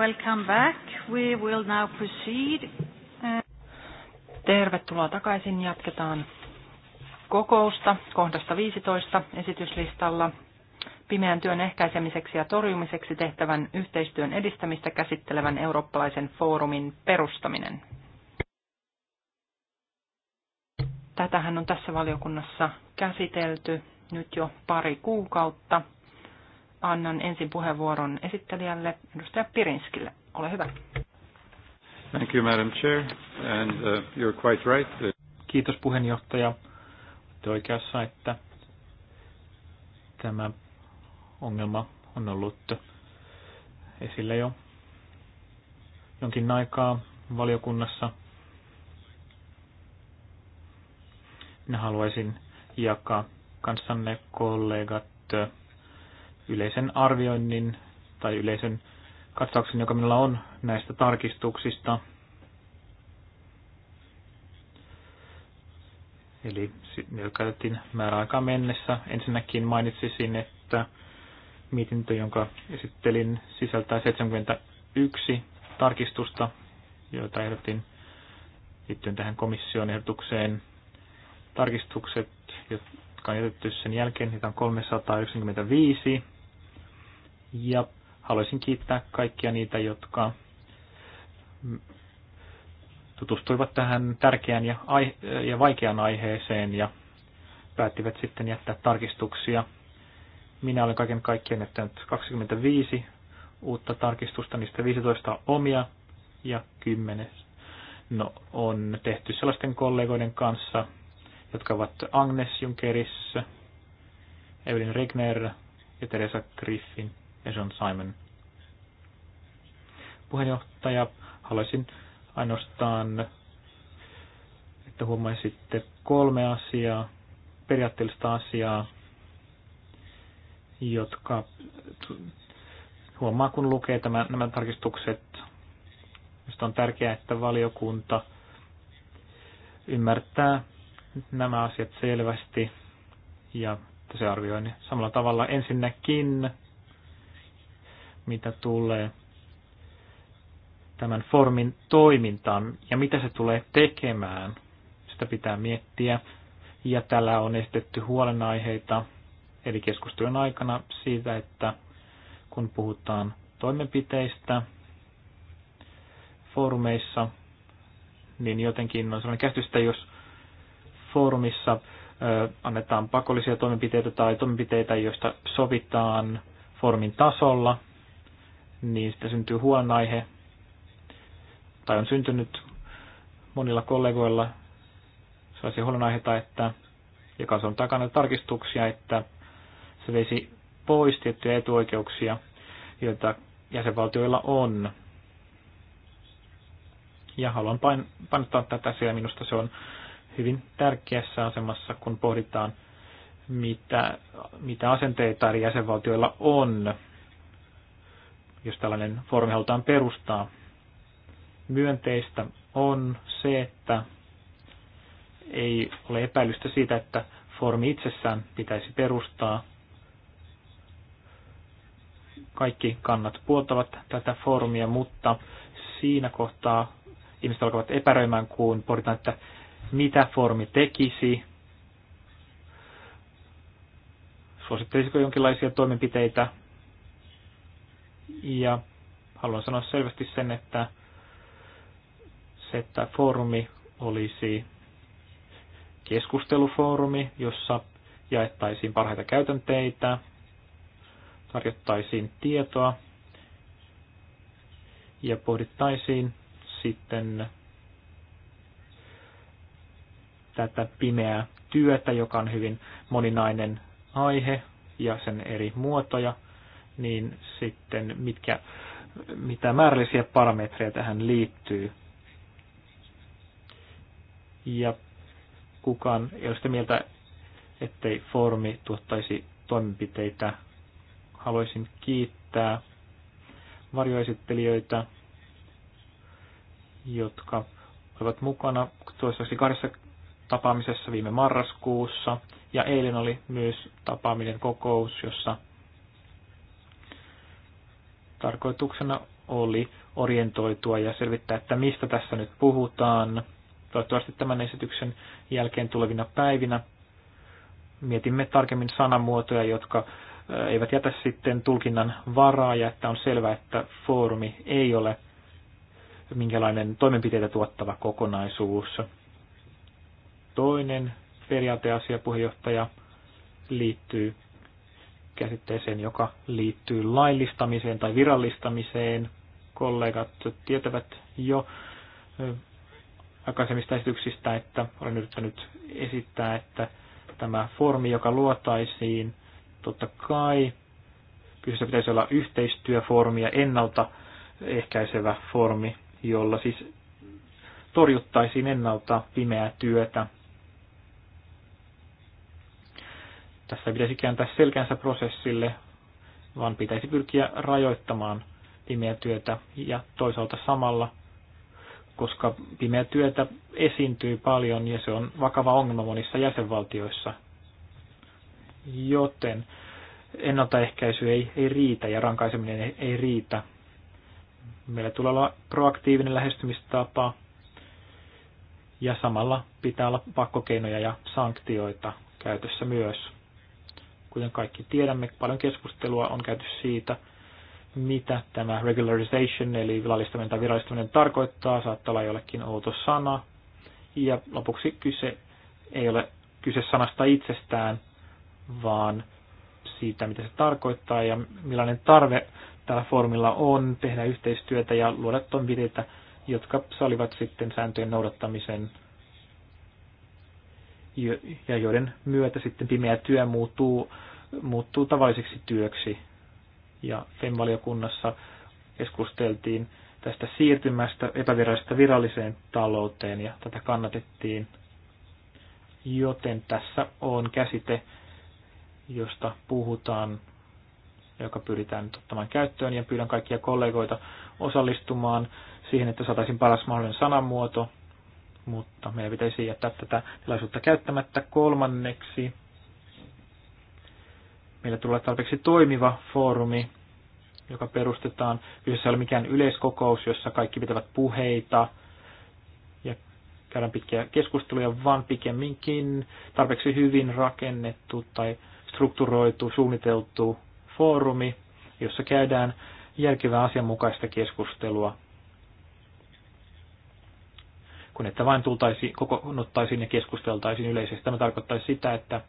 Welcome back. We will now proceed. Uh, Tervetuloa takaisin. Jatketaan kokousta kohdasta 15 esityslistalla pimeän työn ehkäisemiseksi ja torjumiseksi tehtävän yhteistyön edistämistä käsittelevän eurooppalaisen foorumin perustaminen. Tätähän on tässä valiokunnassa käsitelty nyt jo pari kuukautta annan ensin puheenvuoron esittelijälle, edustaja Pirinskille. Ole hyvä. Thank you, Madam Chair, and uh, you're quite right. Kiitos puheenjohtaja. Olette oikeassa, että tämä ongelma on ollut esillä jo jonkin aikaa valiokunnassa. Minä haluaisin jakaa kanssanne kollegat yleisen arvioinnin tai yleisen katsauksen, joka minulla on näistä tarkistuksista. Eli ne käytettiin määräaikaan mennessä. Ensinnäkin mainitsisin, että mietintö, jonka esittelin, sisältää 71 tarkistusta, joita ehdotin liittyen tähän komission ehdotukseen. Tarkistukset, jotka on jätetty sen jälkeen, niitä on 395 ja haluaisin kiittää kaikkia niitä, jotka tutustuivat tähän tärkeään ja, aihe- ja vaikeaan aiheeseen ja päättivät sitten jättää tarkistuksia. Minä olen kaiken kaikkiaan jättänyt 25 uutta tarkistusta, niistä 15 omia ja 10 no, on tehty sellaisten kollegoiden kanssa, jotka ovat Agnes Junkerissä, Evelyn Regner ja Teresa Griffin ja John Simon. Puheenjohtaja, haluaisin ainoastaan, että huomaisitte kolme asiaa, periaatteellista asiaa, jotka huomaa, kun lukee tämän, nämä tarkistukset, mistä on tärkeää, että valiokunta ymmärtää nämä asiat selvästi ja se arvioi niin samalla tavalla ensinnäkin mitä tulee tämän formin toimintaan ja mitä se tulee tekemään. Sitä pitää miettiä. Ja täällä on esitetty huolenaiheita, eli keskustelun aikana siitä, että kun puhutaan toimenpiteistä foorumeissa, niin jotenkin on sellainen käsitys, että jos foorumissa annetaan pakollisia toimenpiteitä tai toimenpiteitä, joista sovitaan formin tasolla, niin sitä syntyy huolenaihe, tai on syntynyt monilla kollegoilla sellaisia huolenaiheita, että joka on takana tarkistuksia, että se veisi pois tiettyjä etuoikeuksia, joita jäsenvaltioilla on. Ja haluan pain, painottaa tätä, siellä. minusta se on hyvin tärkeässä asemassa, kun pohditaan, mitä, mitä asenteita eri jäsenvaltioilla on jos tällainen foorumi halutaan perustaa. Myönteistä on se, että ei ole epäilystä siitä, että foorumi itsessään pitäisi perustaa. Kaikki kannat puoltavat tätä foorumia, mutta siinä kohtaa ihmiset alkavat epäröimään, kun pohditaan, että mitä foorumi tekisi, suosittelisiko jonkinlaisia toimenpiteitä, ja haluan sanoa selvästi sen, että se, että foorumi olisi keskustelufoorumi, jossa jaettaisiin parhaita käytänteitä, tarjottaisiin tietoa ja pohdittaisiin sitten tätä pimeää työtä, joka on hyvin moninainen aihe ja sen eri muotoja – niin sitten mitkä, mitä määrällisiä parametreja tähän liittyy. Ja kukaan ei ole sitä mieltä, ettei foorumi tuottaisi toimenpiteitä. Haluaisin kiittää varjoesittelijöitä, jotka olivat mukana toistaiseksi kahdessa tapaamisessa viime marraskuussa. Ja eilen oli myös tapaaminen kokous, jossa Tarkoituksena oli orientoitua ja selvittää, että mistä tässä nyt puhutaan. Toivottavasti tämän esityksen jälkeen tulevina päivinä mietimme tarkemmin sanamuotoja, jotka eh, eivät jätä sitten tulkinnan varaa ja että on selvää, että foorumi ei ole minkälainen toimenpiteitä tuottava kokonaisuus. Toinen periaateasia puheenjohtaja liittyy käsitteeseen, joka liittyy laillistamiseen tai virallistamiseen. Kollegat tietävät jo aikaisemmista esityksistä, että olen yrittänyt esittää, että tämä formi, joka luotaisiin, totta kai kyseessä pitäisi olla yhteistyöformi ja ennalta ehkäisevä formi, jolla siis torjuttaisiin ennalta pimeää työtä Tässä ei pitäisi kääntää selkänsä prosessille, vaan pitäisi pyrkiä rajoittamaan pimeä työtä ja toisaalta samalla, koska pimeä työtä esiintyy paljon ja se on vakava ongelma monissa jäsenvaltioissa. Joten ennaltaehkäisy ei, ei riitä ja rankaiseminen ei, ei riitä. Meillä tulee olla proaktiivinen lähestymistapa ja samalla pitää olla pakkokeinoja ja sanktioita käytössä myös. Kuten kaikki tiedämme, paljon keskustelua on käyty siitä, mitä tämä regularization eli virallistaminen tai virallistaminen tarkoittaa. Saattaa olla jollekin outo sana. Ja lopuksi kyse ei ole kyse sanasta itsestään, vaan siitä, mitä se tarkoittaa ja millainen tarve tällä formilla on tehdä yhteistyötä ja luoda toimenpiteitä, jotka salivat sitten sääntöjen noudattamisen ja joiden myötä sitten pimeä työ muuttuu, muuttuu tavalliseksi työksi. Ja FEM-valiokunnassa keskusteltiin tästä siirtymästä epävirallisesta viralliseen talouteen ja tätä kannatettiin. Joten tässä on käsite, josta puhutaan, joka pyritään nyt ottamaan käyttöön ja pyydän kaikkia kollegoita osallistumaan siihen, että saataisiin paras mahdollinen sanamuoto mutta meidän pitäisi jättää tätä tilaisuutta käyttämättä kolmanneksi. Meillä tulee tarpeeksi toimiva foorumi, joka perustetaan. Kyseessä ei ole mikään yleiskokous, jossa kaikki pitävät puheita ja käydään pitkiä keskusteluja, vaan pikemminkin tarpeeksi hyvin rakennettu tai strukturoitu, suunniteltu foorumi, jossa käydään järkevää asianmukaista keskustelua kun että vain tultaisiin, kokoonnuttaisiin ja keskusteltaisiin yleisesti. Tämä tarkoittaisi sitä, että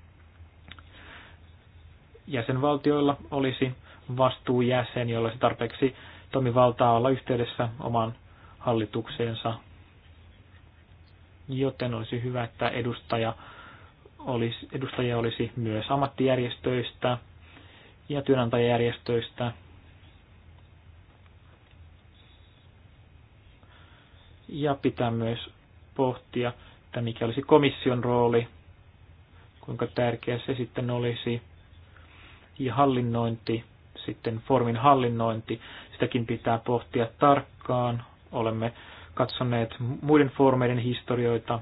jäsenvaltioilla olisi vastuujäsen, jolla se tarpeeksi toimivaltaa olla yhteydessä oman hallitukseensa. Joten olisi hyvä, että edustaja olisi, edustajia olisi myös ammattijärjestöistä ja työnantajajärjestöistä. Ja pitää myös pohtia, että mikä olisi komission rooli, kuinka tärkeä se sitten olisi, ja hallinnointi, sitten formin hallinnointi, sitäkin pitää pohtia tarkkaan. Olemme katsoneet muiden formeiden historioita,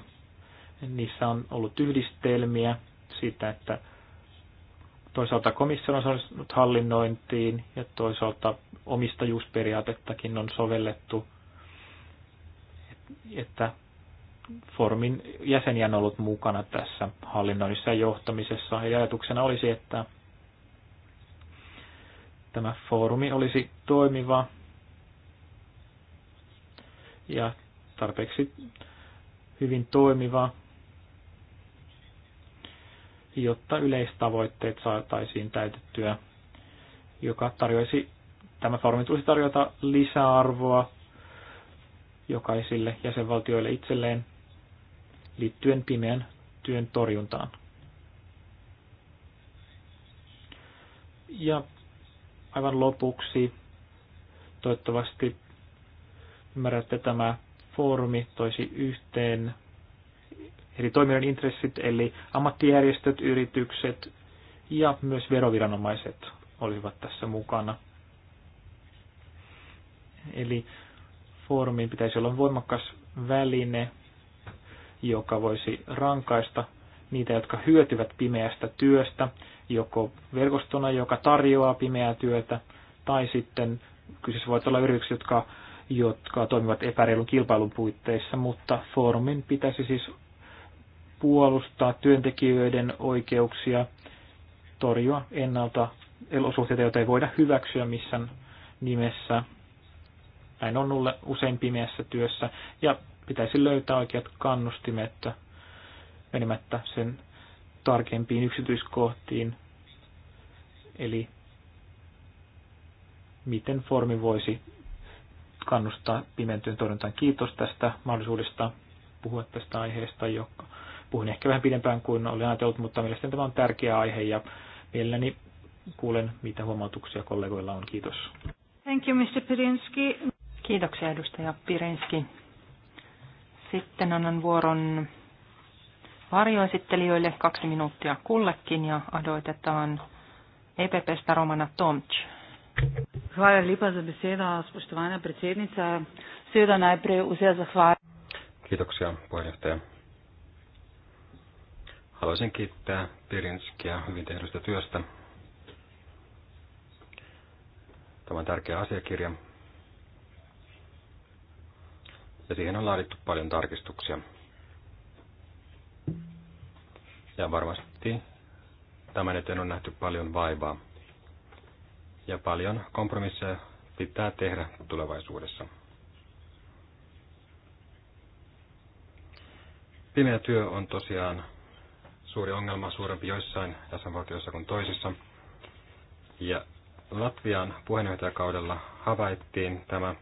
niissä on ollut yhdistelmiä siitä, että toisaalta komission on saanut hallinnointiin ja toisaalta omistajuusperiaatettakin on sovellettu, että formin jäseniä on ollut mukana tässä hallinnoinnissa ja johtamisessa. Ja ajatuksena olisi, että tämä foorumi olisi toimiva ja tarpeeksi hyvin toimiva, jotta yleistavoitteet saataisiin täytettyä, joka tarjoisi tämä foorumi tulisi tarjota lisäarvoa jokaisille jäsenvaltioille itselleen liittyen pimeän työn torjuntaan. Ja aivan lopuksi toivottavasti ymmärrätte tämä foorumi toisi yhteen eri toimijoiden intressit, eli ammattijärjestöt, yritykset ja myös veroviranomaiset olivat tässä mukana. Eli foorumin pitäisi olla voimakas väline joka voisi rankaista niitä, jotka hyötyvät pimeästä työstä, joko verkostona, joka tarjoaa pimeää työtä, tai sitten kyseessä voi olla yritykset, jotka, jotka toimivat epäreilun kilpailun puitteissa, mutta foorumin pitäisi siis puolustaa työntekijöiden oikeuksia, torjua ennalta olosuhteita, joita ei voida hyväksyä missään nimessä. Näin on usein pimeässä työssä. Ja pitäisi löytää oikeat kannustimet menemättä sen tarkempiin yksityiskohtiin. Eli miten formi voisi kannustaa pimentyön torjuntaan. Kiitos tästä mahdollisuudesta puhua tästä aiheesta, joka puhun ehkä vähän pidempään kuin olin ajatellut, mutta mielestäni tämä on tärkeä aihe ja mielelläni kuulen, mitä huomautuksia kollegoilla on. Kiitos. Thank you, Mr. Pirinski. Kiitoksia, edustaja Pirinski. Sitten annan vuoron varjoesittelijöille kaksi minuuttia kullekin ja adoitetaan EPPstä Romana Tomč. Hvala lepa za besedo, spoštovana predsednica. Seveda najprej vse zahvala. Kiitoksia puheenjohtaja. Haluaisin kiittää Pirinskiä hyvin tehdystä työstä. Tämä on tärkeä asiakirja, ja siihen on laadittu paljon tarkistuksia. Ja varmasti tämän eteen on nähty paljon vaivaa. Ja paljon kompromisseja pitää tehdä tulevaisuudessa. Pimeä työ on tosiaan suuri ongelma, suurempi joissain jäsenvaltioissa kuin toisissa. Ja Latvian puheenjohtajakaudella havaittiin tämä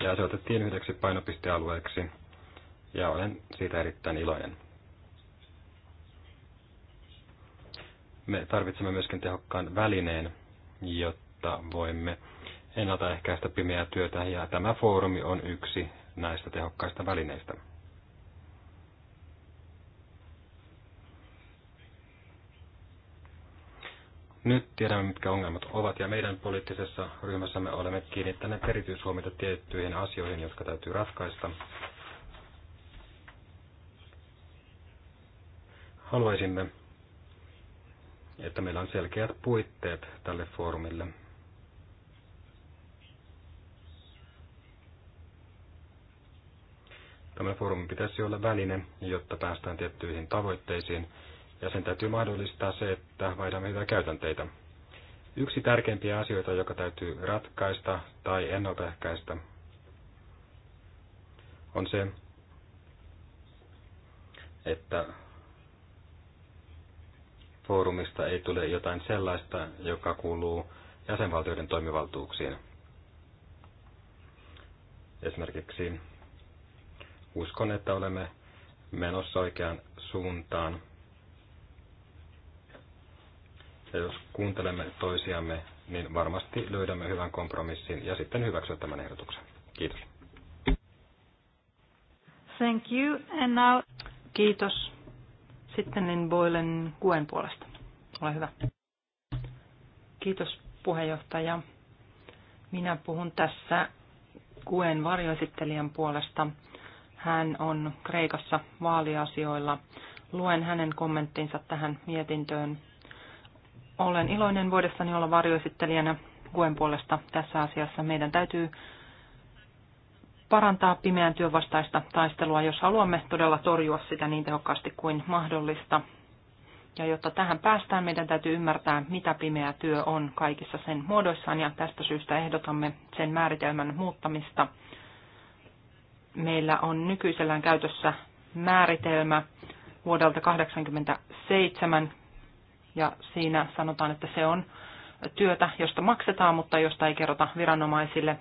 ja se otettiin yhdeksi painopistealueeksi ja olen siitä erittäin iloinen. Me tarvitsemme myöskin tehokkaan välineen, jotta voimme ennaltaehkäistä pimeää työtä ja tämä foorumi on yksi näistä tehokkaista välineistä. Nyt tiedämme, mitkä ongelmat ovat, ja meidän poliittisessa ryhmässämme olemme kiinnittäneet erityishuomiota tiettyihin asioihin, jotka täytyy ratkaista. Haluaisimme, että meillä on selkeät puitteet tälle foorumille. Tämä foorumi pitäisi olla väline, jotta päästään tiettyihin tavoitteisiin, ja sen täytyy mahdollistaa se, että vaihdamme hyviä käytänteitä. Yksi tärkeimpiä asioita, joka täytyy ratkaista tai ennaltaehkäistä, on se, että foorumista ei tule jotain sellaista, joka kuuluu jäsenvaltioiden toimivaltuuksiin. Esimerkiksi uskon, että olemme menossa oikeaan suuntaan ja jos kuuntelemme toisiamme, niin varmasti löydämme hyvän kompromissin ja sitten hyväksyä tämän ehdotuksen. Kiitos. Thank you. And now... Kiitos. Sitten niin Boilen kuen puolesta. Ole hyvä. Kiitos puheenjohtaja. Minä puhun tässä kuen varjoesittelijän puolesta. Hän on Kreikassa vaaliasioilla. Luen hänen kommenttinsa tähän mietintöön olen iloinen vuodessani olla varjoesittelijänä Kuen puolesta tässä asiassa. Meidän täytyy parantaa pimeän työn vastaista taistelua, jos haluamme todella torjua sitä niin tehokkaasti kuin mahdollista. Ja jotta tähän päästään, meidän täytyy ymmärtää, mitä pimeä työ on kaikissa sen muodoissaan, ja tästä syystä ehdotamme sen määritelmän muuttamista. Meillä on nykyisellään käytössä määritelmä vuodelta 1987 ja siinä sanotaan, että se on työtä, josta maksetaan, mutta josta ei kerrota viranomaisille.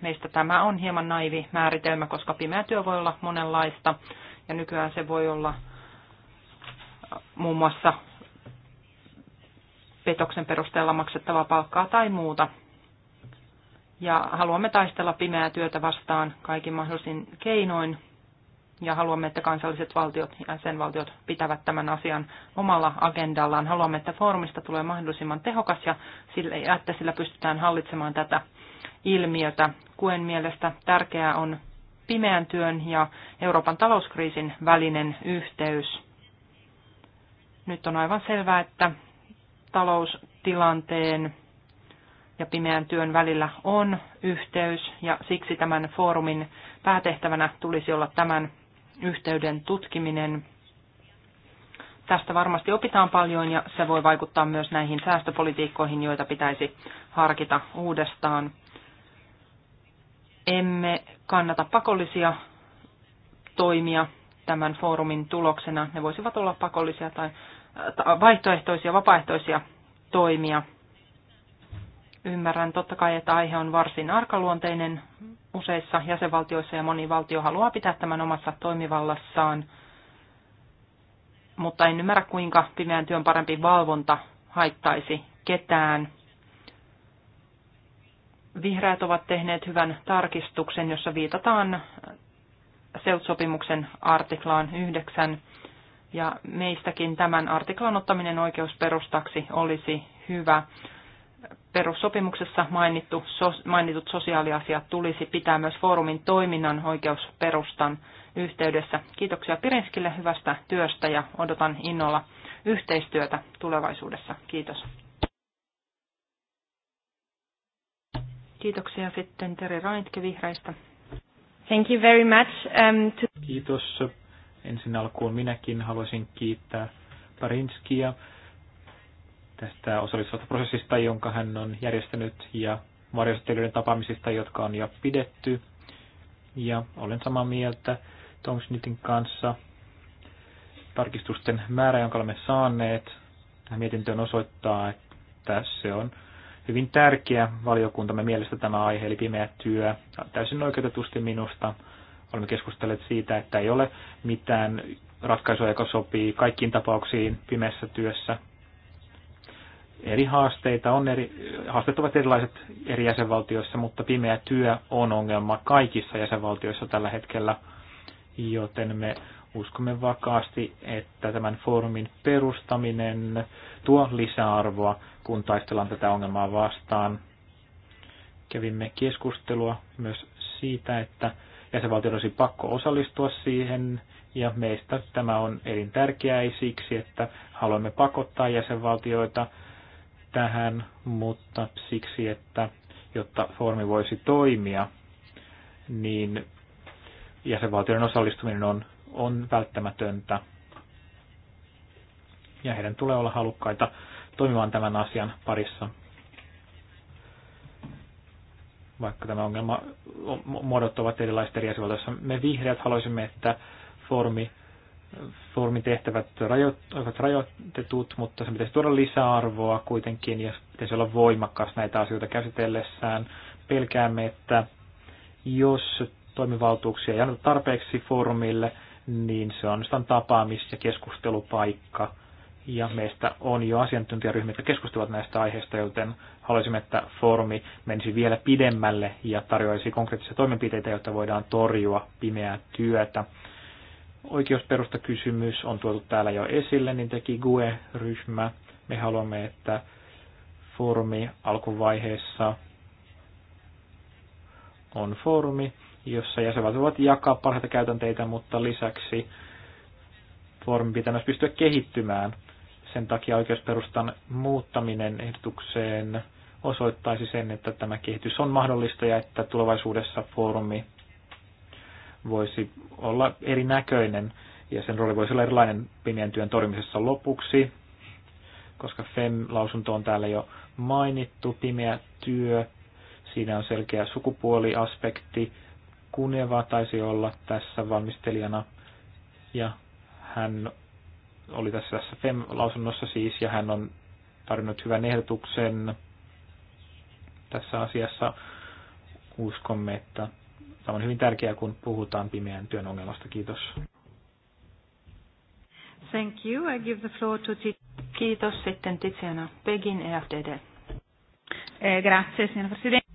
Meistä tämä on hieman naivi määritelmä, koska pimeä työ voi olla monenlaista ja nykyään se voi olla äh, muun muassa petoksen perusteella maksettavaa palkkaa tai muuta. Ja haluamme taistella pimeää työtä vastaan kaikin mahdollisin keinoin ja haluamme, että kansalliset valtiot ja sen valtiot pitävät tämän asian omalla agendallaan. Haluamme, että foorumista tulee mahdollisimman tehokas ja että sillä pystytään hallitsemaan tätä ilmiötä. Kuen mielestä tärkeää on pimeän työn ja Euroopan talouskriisin välinen yhteys. Nyt on aivan selvää, että taloustilanteen ja pimeän työn välillä on yhteys ja siksi tämän foorumin päätehtävänä tulisi olla tämän yhteyden tutkiminen. Tästä varmasti opitaan paljon ja se voi vaikuttaa myös näihin säästöpolitiikkoihin, joita pitäisi harkita uudestaan. Emme kannata pakollisia toimia tämän foorumin tuloksena. Ne voisivat olla pakollisia tai äh, vaihtoehtoisia, vapaaehtoisia toimia – Ymmärrän totta kai, että aihe on varsin arkaluonteinen useissa jäsenvaltioissa ja moni valtio haluaa pitää tämän omassa toimivallassaan, mutta en ymmärrä, kuinka pimeän työn parempi valvonta haittaisi ketään. Vihreät ovat tehneet hyvän tarkistuksen, jossa viitataan seutsopimuksen artiklaan 9, ja meistäkin tämän artiklan ottaminen oikeusperustaksi olisi hyvä perussopimuksessa mainittu, so, mainitut sosiaaliasiat tulisi pitää myös foorumin toiminnan oikeusperustan yhteydessä. Kiitoksia Pirinskille hyvästä työstä ja odotan innolla yhteistyötä tulevaisuudessa. Kiitos. Kiitoksia sitten Teri Raintke vihreistä. Thank you very much. Um, to... Kiitos. Ensin alkuun minäkin haluaisin kiittää Parinskia tästä osallistuvasta prosessista, jonka hän on järjestänyt, ja varjostelijoiden tapaamisista, jotka on jo pidetty. Ja olen samaa mieltä Schnittin kanssa tarkistusten määrä, jonka olemme saaneet. Tähän mietintöön osoittaa, että se on hyvin tärkeä valiokuntamme mielestä tämä aihe, eli pimeä työ. Täysin oikeutetusti minusta olemme keskustelleet siitä, että ei ole mitään ratkaisua, joka sopii kaikkiin tapauksiin pimeässä työssä, eri haasteita on, eri, haasteet ovat erilaiset eri jäsenvaltioissa, mutta pimeä työ on ongelma kaikissa jäsenvaltioissa tällä hetkellä, joten me uskomme vakaasti, että tämän foorumin perustaminen tuo lisäarvoa, kun taistellaan tätä ongelmaa vastaan. Kävimme keskustelua myös siitä, että jäsenvaltio olisi pakko osallistua siihen, ja meistä tämä on elintärkeää ei siksi, että haluamme pakottaa jäsenvaltioita tähän, mutta siksi, että jotta foorumi voisi toimia, niin jäsenvaltioiden osallistuminen on, on välttämätöntä. Ja heidän tulee olla halukkaita toimimaan tämän asian parissa. Vaikka tämä ongelma muodot ovat erilaiset eri jäsenvaltioissa. Me vihreät haluaisimme, että foorumi foorumin tehtävät ovat rajoitetut, mutta se pitäisi tuoda lisäarvoa kuitenkin ja pitäisi olla voimakas näitä asioita käsitellessään. Pelkäämme, että jos toimivaltuuksia ei anneta tarpeeksi foorumille, niin se on sitä tapaamis- ja keskustelupaikka. Ja meistä on jo asiantuntijaryhmiä, jotka keskustelevat näistä aiheista, joten haluaisimme, että foorumi menisi vielä pidemmälle ja tarjoaisi konkreettisia toimenpiteitä, jotta voidaan torjua pimeää työtä oikeusperustakysymys on tuotu täällä jo esille, niin teki GUE-ryhmä. Me haluamme, että foorumi alkuvaiheessa on foorumi, jossa jäsenet voivat jakaa parhaita käytänteitä, mutta lisäksi foorumi pitää myös pystyä kehittymään. Sen takia oikeusperustan muuttaminen ehdotukseen osoittaisi sen, että tämä kehitys on mahdollista ja että tulevaisuudessa foorumi voisi olla erinäköinen ja sen rooli voisi olla erilainen pimeän työn torjumisessa lopuksi, koska FEM-lausunto on täällä jo mainittu, pimeä työ, siinä on selkeä sukupuoliaspekti, Kuneva taisi olla tässä valmistelijana ja hän oli tässä, tässä FEM-lausunnossa siis ja hän on tarjonnut hyvän ehdotuksen tässä asiassa. Uskomme, että Tämä on hyvin tärkeää, kun puhutaan pimeän työn ongelmasta. Kiitos. Thank you. I give the floor to Kiitos. Sitten Tiziana Pegin, EFDD. Eh, grazie, signor Presidente.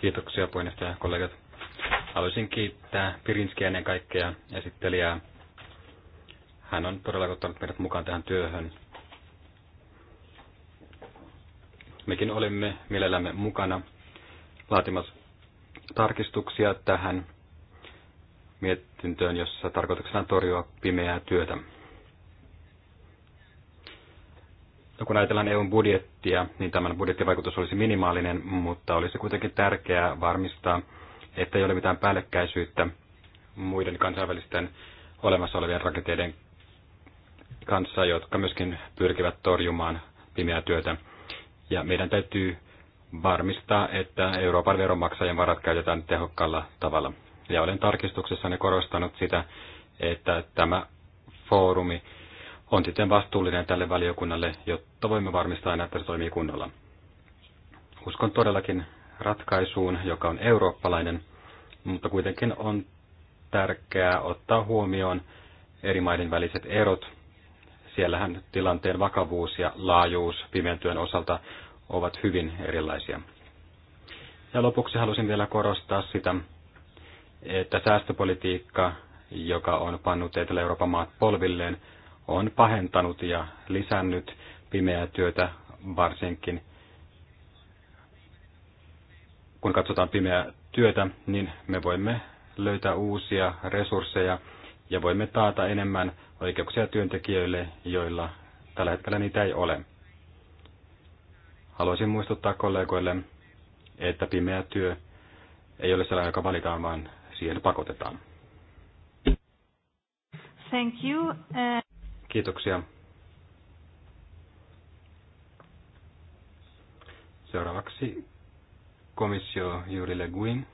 Kiitoksia puheenjohtaja ja kollegat. Haluaisin kiittää Pirinskiä ennen kaikkea esittelijää. Hän on todella ottanut meidät mukaan tähän työhön. Mekin olimme mielellämme mukana laatimassa tarkistuksia tähän mietintöön, jossa tarkoituksena on torjua pimeää työtä. No, kun ajatellaan EUn budjettia, niin tämän budjettivaikutus olisi minimaalinen, mutta olisi kuitenkin tärkeää varmistaa, että ei ole mitään päällekkäisyyttä muiden kansainvälisten olemassa olevien rakenteiden kanssa, jotka myöskin pyrkivät torjumaan pimeää työtä. Ja meidän täytyy varmistaa, että Euroopan veronmaksajien varat käytetään tehokkaalla tavalla. Ja olen tarkistuksessani korostanut sitä, että tämä foorumi on sitten vastuullinen tälle valiokunnalle, jotta voimme varmistaa aina, että se toimii kunnolla. Uskon todellakin ratkaisuun, joka on eurooppalainen, mutta kuitenkin on tärkeää ottaa huomioon eri maiden väliset erot. Siellähän tilanteen vakavuus ja laajuus pimentyön osalta ovat hyvin erilaisia. Ja lopuksi halusin vielä korostaa sitä, että säästöpolitiikka, joka on pannut Etelä-Euroopan maat polvilleen, on pahentanut ja lisännyt pimeää työtä varsinkin. Kun katsotaan pimeää työtä, niin me voimme löytää uusia resursseja ja voimme taata enemmän oikeuksia työntekijöille, joilla tällä hetkellä niitä ei ole. Haluaisin muistuttaa kollegoille, että pimeä työ ei ole sellainen, joka valitaan, vaan siihen pakotetaan. Thank you. Eh. Kiitoksia. Seuraavaksi komissio Juri Le Guin.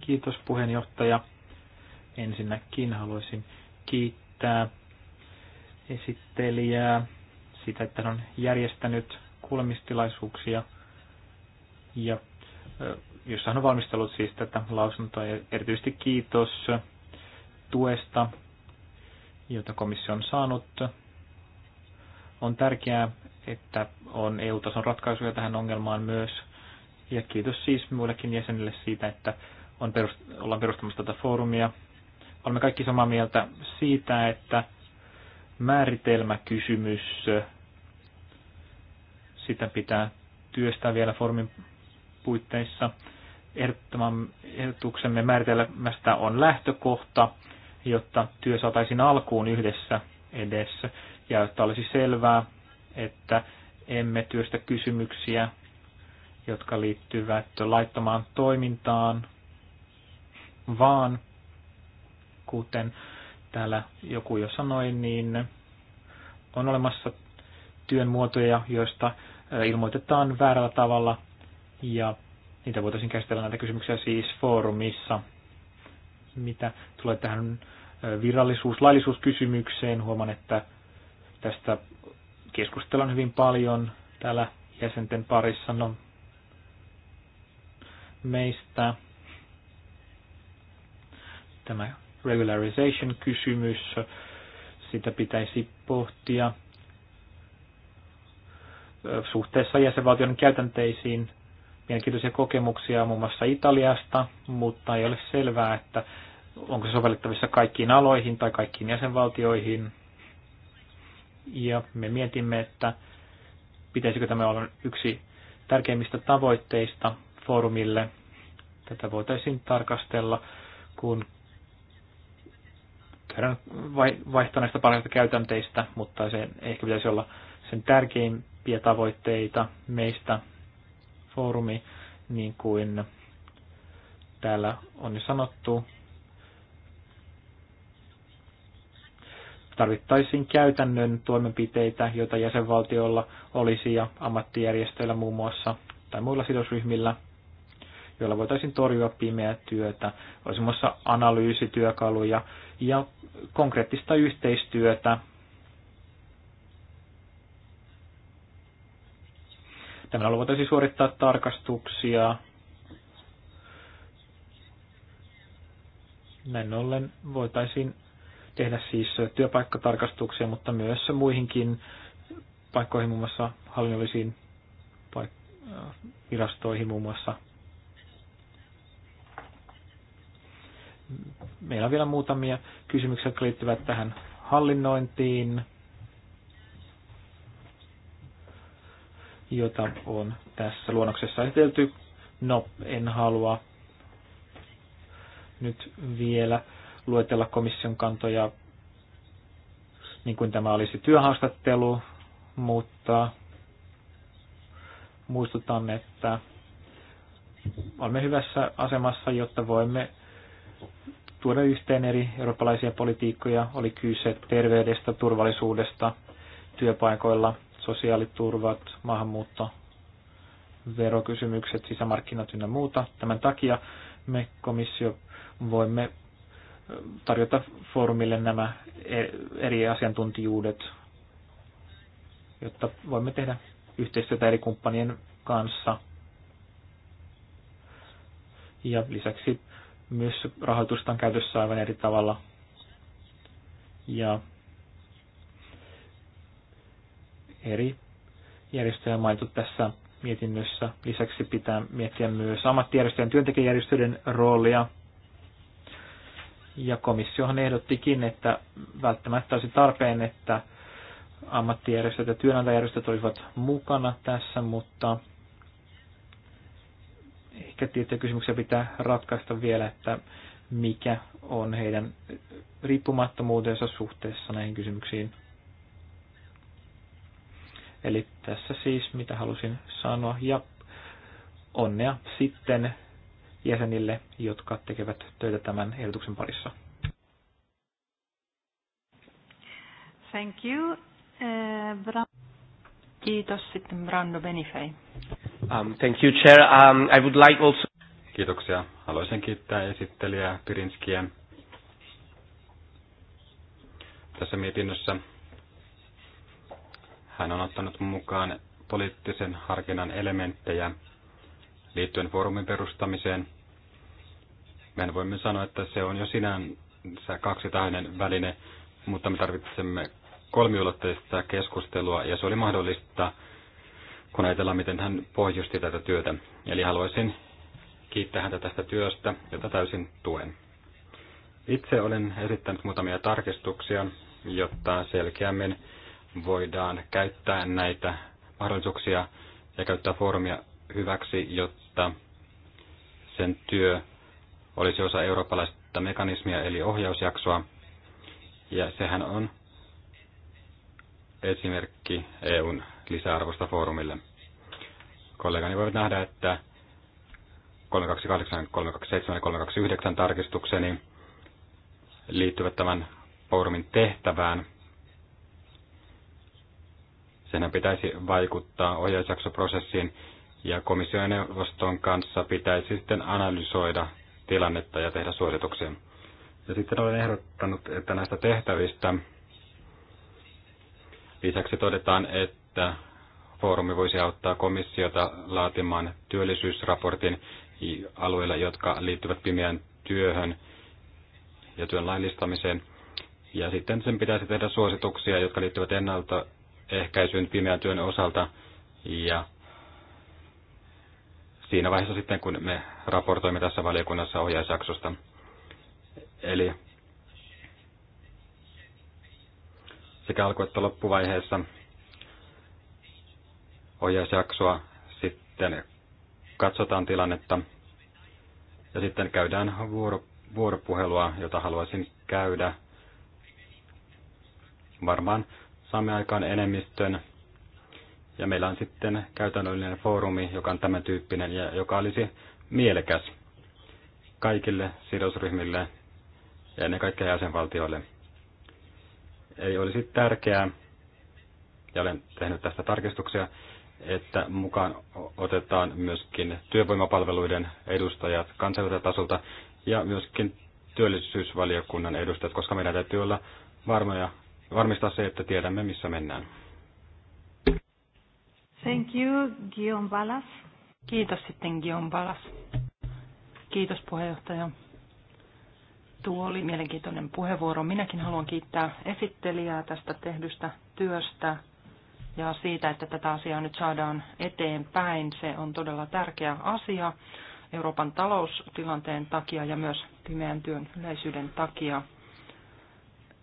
Kiitos puheenjohtaja. Ensinnäkin haluaisin kiittää esittelijää siitä, että hän on järjestänyt kuulemistilaisuuksia ja jossa hän on valmistellut siis tätä lausuntoa. Ja erityisesti kiitos tuesta, jota komissio on saanut. On tärkeää, että on EU-tason ratkaisuja tähän ongelmaan myös. Ja kiitos siis muillekin jäsenille siitä, että on perust- ollaan perustamassa tätä foorumia. Olemme kaikki samaa mieltä siitä, että määritelmäkysymys. Sitä pitää työstää vielä formin puitteissa. Ehdotuksemme määritelmästä on lähtökohta, jotta työ saataisiin alkuun yhdessä edessä ja jotta olisi selvää, että emme työstä kysymyksiä, jotka liittyvät laittomaan toimintaan, vaan kuten täällä joku jo sanoi, niin on olemassa työn muotoja, joista ilmoitetaan väärällä tavalla ja niitä voitaisiin käsitellä näitä kysymyksiä siis foorumissa. Mitä tulee tähän virallisuus, laillisuuskysymykseen, huomaan, että tästä keskustellaan hyvin paljon täällä jäsenten parissa. No, meistä tämä regularization-kysymys, sitä pitäisi pohtia suhteessa jäsenvaltion käytänteisiin mielenkiintoisia kokemuksia muun muassa Italiasta, mutta ei ole selvää, että onko se sovellettavissa kaikkiin aloihin tai kaikkiin jäsenvaltioihin. Ja me mietimme, että pitäisikö tämä olla yksi tärkeimmistä tavoitteista foorumille. Tätä voitaisiin tarkastella, kun Tehdään vaihtaneista näistä parhaista käytänteistä, mutta se ehkä pitäisi olla sen tärkeimpiä tavoitteita meistä foorumi, niin kuin täällä on jo sanottu. Tarvittaisiin käytännön toimenpiteitä, joita jäsenvaltiolla olisi ja ammattijärjestöillä muun muassa tai muilla sidosryhmillä, joilla voitaisiin torjua pimeää työtä. Olisi muassa analyysityökaluja, ja konkreettista yhteistyötä. Tämän alueella voitaisiin suorittaa tarkastuksia. Näin ollen voitaisiin tehdä siis työpaikkatarkastuksia, mutta myös muihinkin paikkoihin, muun muassa hallinnollisiin paik- äh, virastoihin muun muassa – Meillä on vielä muutamia kysymyksiä, jotka liittyvät tähän hallinnointiin, jota on tässä luonnoksessa esitelty. No, en halua nyt vielä luetella komission kantoja, niin kuin tämä olisi työhaastattelu, mutta muistutan, että olemme hyvässä asemassa, jotta voimme tuoda yhteen eri eurooppalaisia politiikkoja, oli kyse terveydestä, turvallisuudesta, työpaikoilla, sosiaaliturvat, maahanmuutto, verokysymykset, sisämarkkinat ynnä muuta. Tämän takia me komissio voimme tarjota foorumille nämä e, eri asiantuntijuudet, jotta voimme tehdä yhteistyötä eri kumppanien kanssa. Ja lisäksi myös rahoitusta on käytössä aivan eri tavalla. Ja eri järjestöjä mainittu tässä mietinnössä. Lisäksi pitää miettiä myös ammattijärjestöjen työntekijäjärjestöjen roolia. Ja komissiohan ehdottikin, että välttämättä olisi tarpeen, että ammattijärjestöt ja työnantajärjestöt olisivat mukana tässä, mutta ehkä tiettyjä kysymyksiä pitää ratkaista vielä, että mikä on heidän riippumattomuutensa suhteessa näihin kysymyksiin. Eli tässä siis mitä halusin sanoa ja onnea sitten jäsenille, jotka tekevät töitä tämän ehdotuksen parissa. Thank you. Eh, Kiitos sitten Brando Benifei. Um, thank you, Chair. Um, I would like also... Kiitoksia. Haluaisin kiittää esittelijää Pirinskiä tässä mietinnössä. Hän on ottanut mukaan poliittisen harkinnan elementtejä liittyen foorumin perustamiseen. Me voimme sanoa, että se on jo sinänsä kaksitahoinen väline, mutta me tarvitsemme kolmiulotteista keskustelua ja se oli mahdollista kun ajatellaan, miten hän pohjusti tätä työtä. Eli haluaisin kiittää häntä tästä työstä, jota täysin tuen. Itse olen esittänyt muutamia tarkistuksia, jotta selkeämmin voidaan käyttää näitä mahdollisuuksia ja käyttää foorumia hyväksi, jotta sen työ olisi osa eurooppalaista mekanismia eli ohjausjaksoa. Ja sehän on esimerkki EUn lisäarvosta foorumille. Kollegani voivat nähdä, että 328, 327 ja 329 tarkistukseni liittyvät tämän foorumin tehtävään. Senhän pitäisi vaikuttaa ohjausjaksoprosessiin ja komission ja neuvoston kanssa pitäisi sitten analysoida tilannetta ja tehdä suosituksia. Ja sitten olen ehdottanut, että näistä tehtävistä lisäksi todetaan, että että foorumi voisi auttaa komissiota laatimaan työllisyysraportin alueilla, jotka liittyvät pimeään työhön ja työn laillistamiseen. Ja sitten sen pitäisi tehdä suosituksia, jotka liittyvät ennaltaehkäisyyn pimeän työn osalta. Ja siinä vaiheessa sitten, kun me raportoimme tässä valiokunnassa ohjaisjaksosta. Eli sekä alku- että loppuvaiheessa ohjausjaksoa, sitten katsotaan tilannetta ja sitten käydään vuoro, vuoropuhelua, jota haluaisin käydä. Varmaan saamme aikaan enemmistön ja meillä on sitten käytännöllinen foorumi, joka on tämän tyyppinen ja joka olisi mielekäs kaikille sidosryhmille ja ennen kaikkea jäsenvaltioille. Ei olisi tärkeää, ja olen tehnyt tästä tarkistuksia, että mukaan otetaan myöskin työvoimapalveluiden edustajat kansainvälisellä tasolta ja myöskin työllisyysvaliokunnan edustajat, koska meidän täytyy olla varmoja, varmistaa se, että tiedämme, missä mennään. Thank you, Guillaume Balas. Kiitos sitten Guillaume Balas. Kiitos puheenjohtaja. Tuo oli mielenkiintoinen puheenvuoro. Minäkin haluan kiittää esittelijää tästä tehdystä työstä ja siitä, että tätä asiaa nyt saadaan eteenpäin. Se on todella tärkeä asia Euroopan taloustilanteen takia ja myös pimeän työn yleisyyden takia.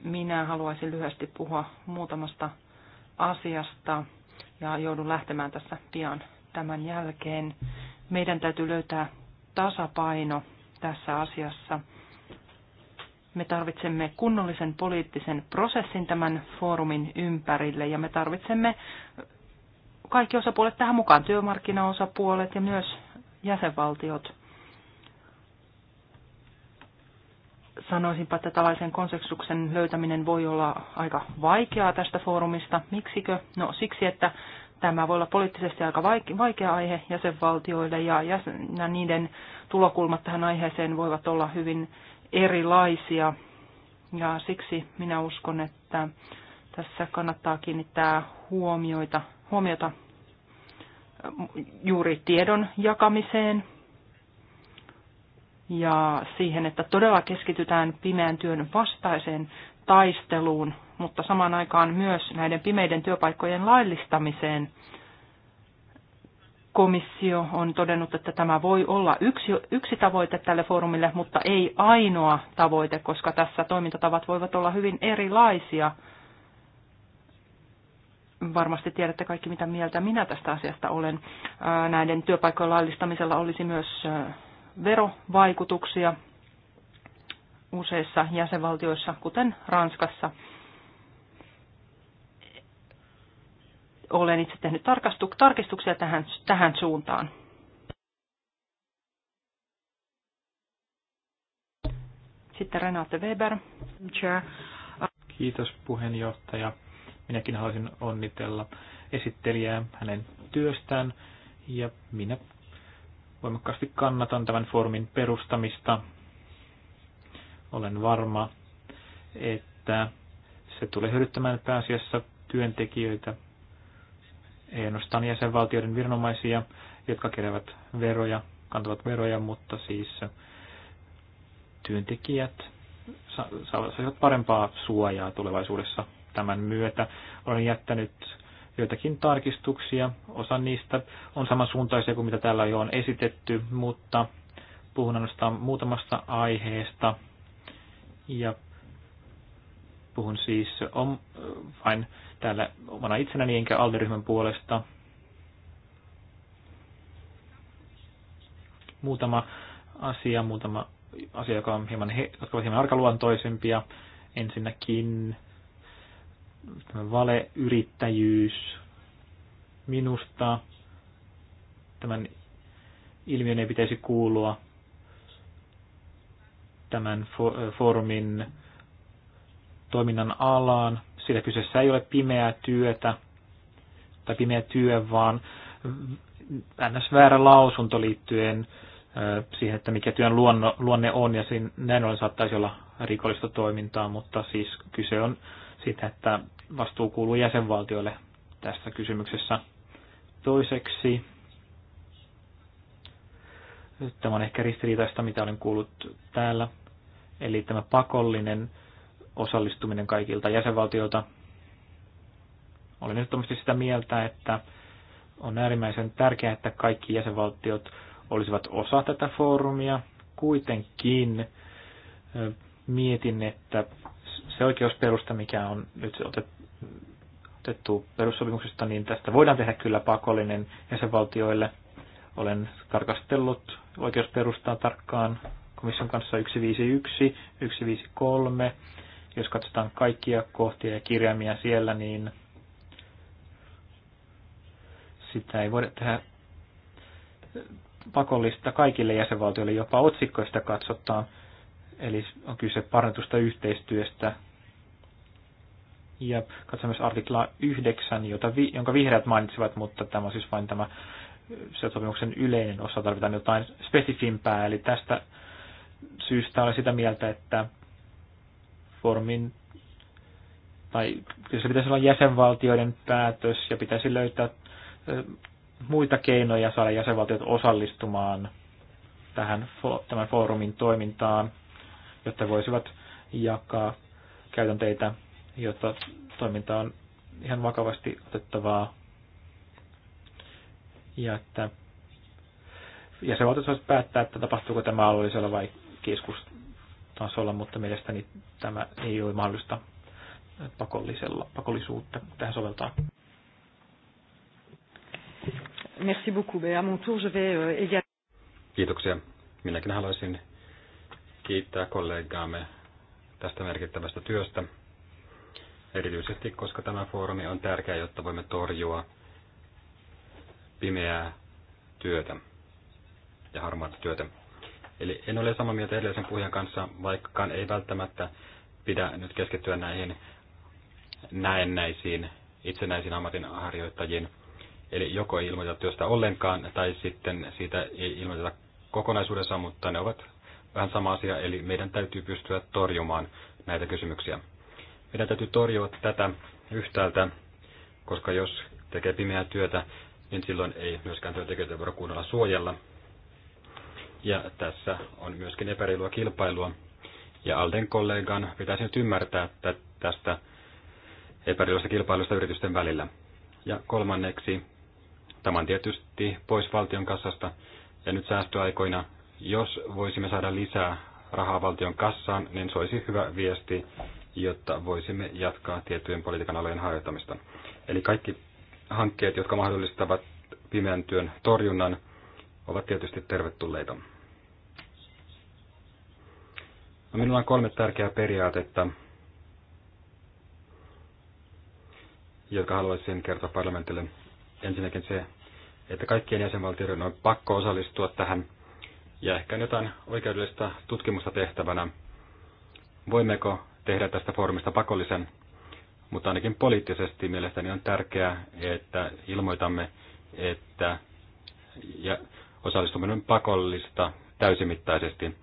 Minä haluaisin lyhyesti puhua muutamasta asiasta ja joudun lähtemään tässä pian tämän jälkeen. Meidän täytyy löytää tasapaino tässä asiassa – me tarvitsemme kunnollisen poliittisen prosessin tämän foorumin ympärille ja me tarvitsemme kaikki osapuolet tähän mukaan, työmarkkinaosapuolet ja myös jäsenvaltiot. Sanoisinpa, että tällaisen konseksuksen löytäminen voi olla aika vaikeaa tästä foorumista. Miksikö? No siksi, että tämä voi olla poliittisesti aika vaikea aihe jäsenvaltioille ja, jäsen, ja niiden tulokulmat tähän aiheeseen voivat olla hyvin erilaisia. Ja siksi minä uskon, että tässä kannattaa kiinnittää huomioita, huomiota juuri tiedon jakamiseen ja siihen, että todella keskitytään pimeän työn vastaiseen taisteluun, mutta samaan aikaan myös näiden pimeiden työpaikkojen laillistamiseen – komissio on todennut, että tämä voi olla yksi, yksi tavoite tälle foorumille, mutta ei ainoa tavoite, koska tässä toimintatavat voivat olla hyvin erilaisia. Varmasti tiedätte kaikki, mitä mieltä minä tästä asiasta olen. Näiden työpaikkojen laillistamisella olisi myös verovaikutuksia useissa jäsenvaltioissa, kuten Ranskassa – olen itse tehnyt tarkistuksia tähän, tähän suuntaan. Sitten Renate Weber. Kiitos puheenjohtaja. Minäkin haluaisin onnitella esittelijää hänen työstään ja minä voimakkaasti kannatan tämän foorumin perustamista. Olen varma, että se tulee hyödyttämään pääasiassa työntekijöitä ei ainoastaan jäsenvaltioiden viranomaisia, jotka kerävät veroja, kantavat veroja, mutta siis työntekijät saavat parempaa suojaa tulevaisuudessa tämän myötä. Olen jättänyt joitakin tarkistuksia, osa niistä on samansuuntaisia kuin mitä täällä jo on esitetty, mutta puhun ainoastaan muutamasta aiheesta ja Puhun siis om, äh, vain täällä omana itsenäni enkä alderyhmän puolesta. Muutama asia, muutama asia, joka on hieman, jotka ovat hieman arkaluontoisempia. Ensinnäkin tämä valeyrittäjyys. Minusta tämän ilmiön ei pitäisi kuulua tämän foorumin toiminnan alaan, sillä kyseessä ei ole pimeää työtä tai pimeä työ, vaan ns. väärä lausunto liittyen siihen, että mikä työn luonne on, ja siinä, näin ollen saattaisi olla rikollista toimintaa, mutta siis kyse on siitä, että vastuu kuuluu jäsenvaltioille tässä kysymyksessä. Toiseksi, tämä on ehkä ristiriitaista, mitä olen kuullut täällä, eli tämä pakollinen osallistuminen kaikilta jäsenvaltioilta. Olen ehdottomasti sitä mieltä, että on äärimmäisen tärkeää, että kaikki jäsenvaltiot olisivat osa tätä foorumia. Kuitenkin mietin, että se oikeusperusta, mikä on nyt otettu perussopimuksesta, niin tästä voidaan tehdä kyllä pakollinen jäsenvaltioille. Olen tarkastellut oikeusperustaa tarkkaan komission kanssa 151, 153 jos katsotaan kaikkia kohtia ja kirjaimia siellä, niin sitä ei voida tehdä pakollista kaikille jäsenvaltioille, jopa otsikkoista katsotaan. Eli on kyse parannetusta yhteistyöstä. Ja katsotaan myös artiklaa 9, jota vi, jonka vihreät mainitsivat, mutta tämä on siis vain tämä sopimuksen yleinen osa, tarvitaan jotain spesifimpää. Eli tästä syystä olen sitä mieltä, että formin tai se pitäisi olla jäsenvaltioiden päätös ja pitäisi löytää muita keinoja saada jäsenvaltiot osallistumaan tähän tämän foorumin toimintaan, jotta voisivat jakaa käytänteitä, jotta toiminta on ihan vakavasti otettavaa ja että jäsenvaltiot voisivat päättää, että tapahtuuko tämä alueellisella vai keskus, tasolla, mutta mielestäni tämä ei ole mahdollista pakollisella, pakollisuutta tähän soveltaa. Merci beaucoup. À mon tour, je vais euh, Kiitoksia. Minäkin haluaisin kiittää kollegaamme tästä merkittävästä työstä, erityisesti koska tämä foorumi on tärkeä, jotta voimme torjua pimeää työtä ja harmaata työtä. Eli en ole samaa mieltä edellisen puhujan kanssa, vaikkakaan ei välttämättä pidä nyt keskittyä näihin näennäisiin itsenäisiin ammatinharjoittajiin. Eli joko ei ilmoiteta työstä ollenkaan, tai sitten siitä ei ilmoiteta kokonaisuudessaan, mutta ne ovat vähän sama asia, eli meidän täytyy pystyä torjumaan näitä kysymyksiä. Meidän täytyy torjua tätä yhtäältä, koska jos tekee pimeää työtä, niin silloin ei myöskään työntekijöitä voida kuunnella suojella. Ja tässä on myöskin epäreilua kilpailua. Ja Alden kollegan pitäisi nyt ymmärtää että tästä epäreilusta kilpailusta yritysten välillä. Ja kolmanneksi, tämä on tietysti pois valtion kassasta. Ja nyt säästöaikoina, jos voisimme saada lisää rahaa valtion kassaan, niin se olisi hyvä viesti, jotta voisimme jatkaa tiettyjen politiikan alojen harjoittamista. Eli kaikki hankkeet, jotka mahdollistavat pimeän työn torjunnan, ovat tietysti tervetulleita. No, minulla on kolme tärkeää periaatetta, jotka haluaisin kertoa parlamentille. Ensinnäkin se, että kaikkien jäsenvaltioiden on pakko osallistua tähän ja ehkä jotain oikeudellista tutkimusta tehtävänä. Voimmeko tehdä tästä foorumista pakollisen, mutta ainakin poliittisesti mielestäni on tärkeää, että ilmoitamme, että ja osallistuminen on pakollista täysimittaisesti.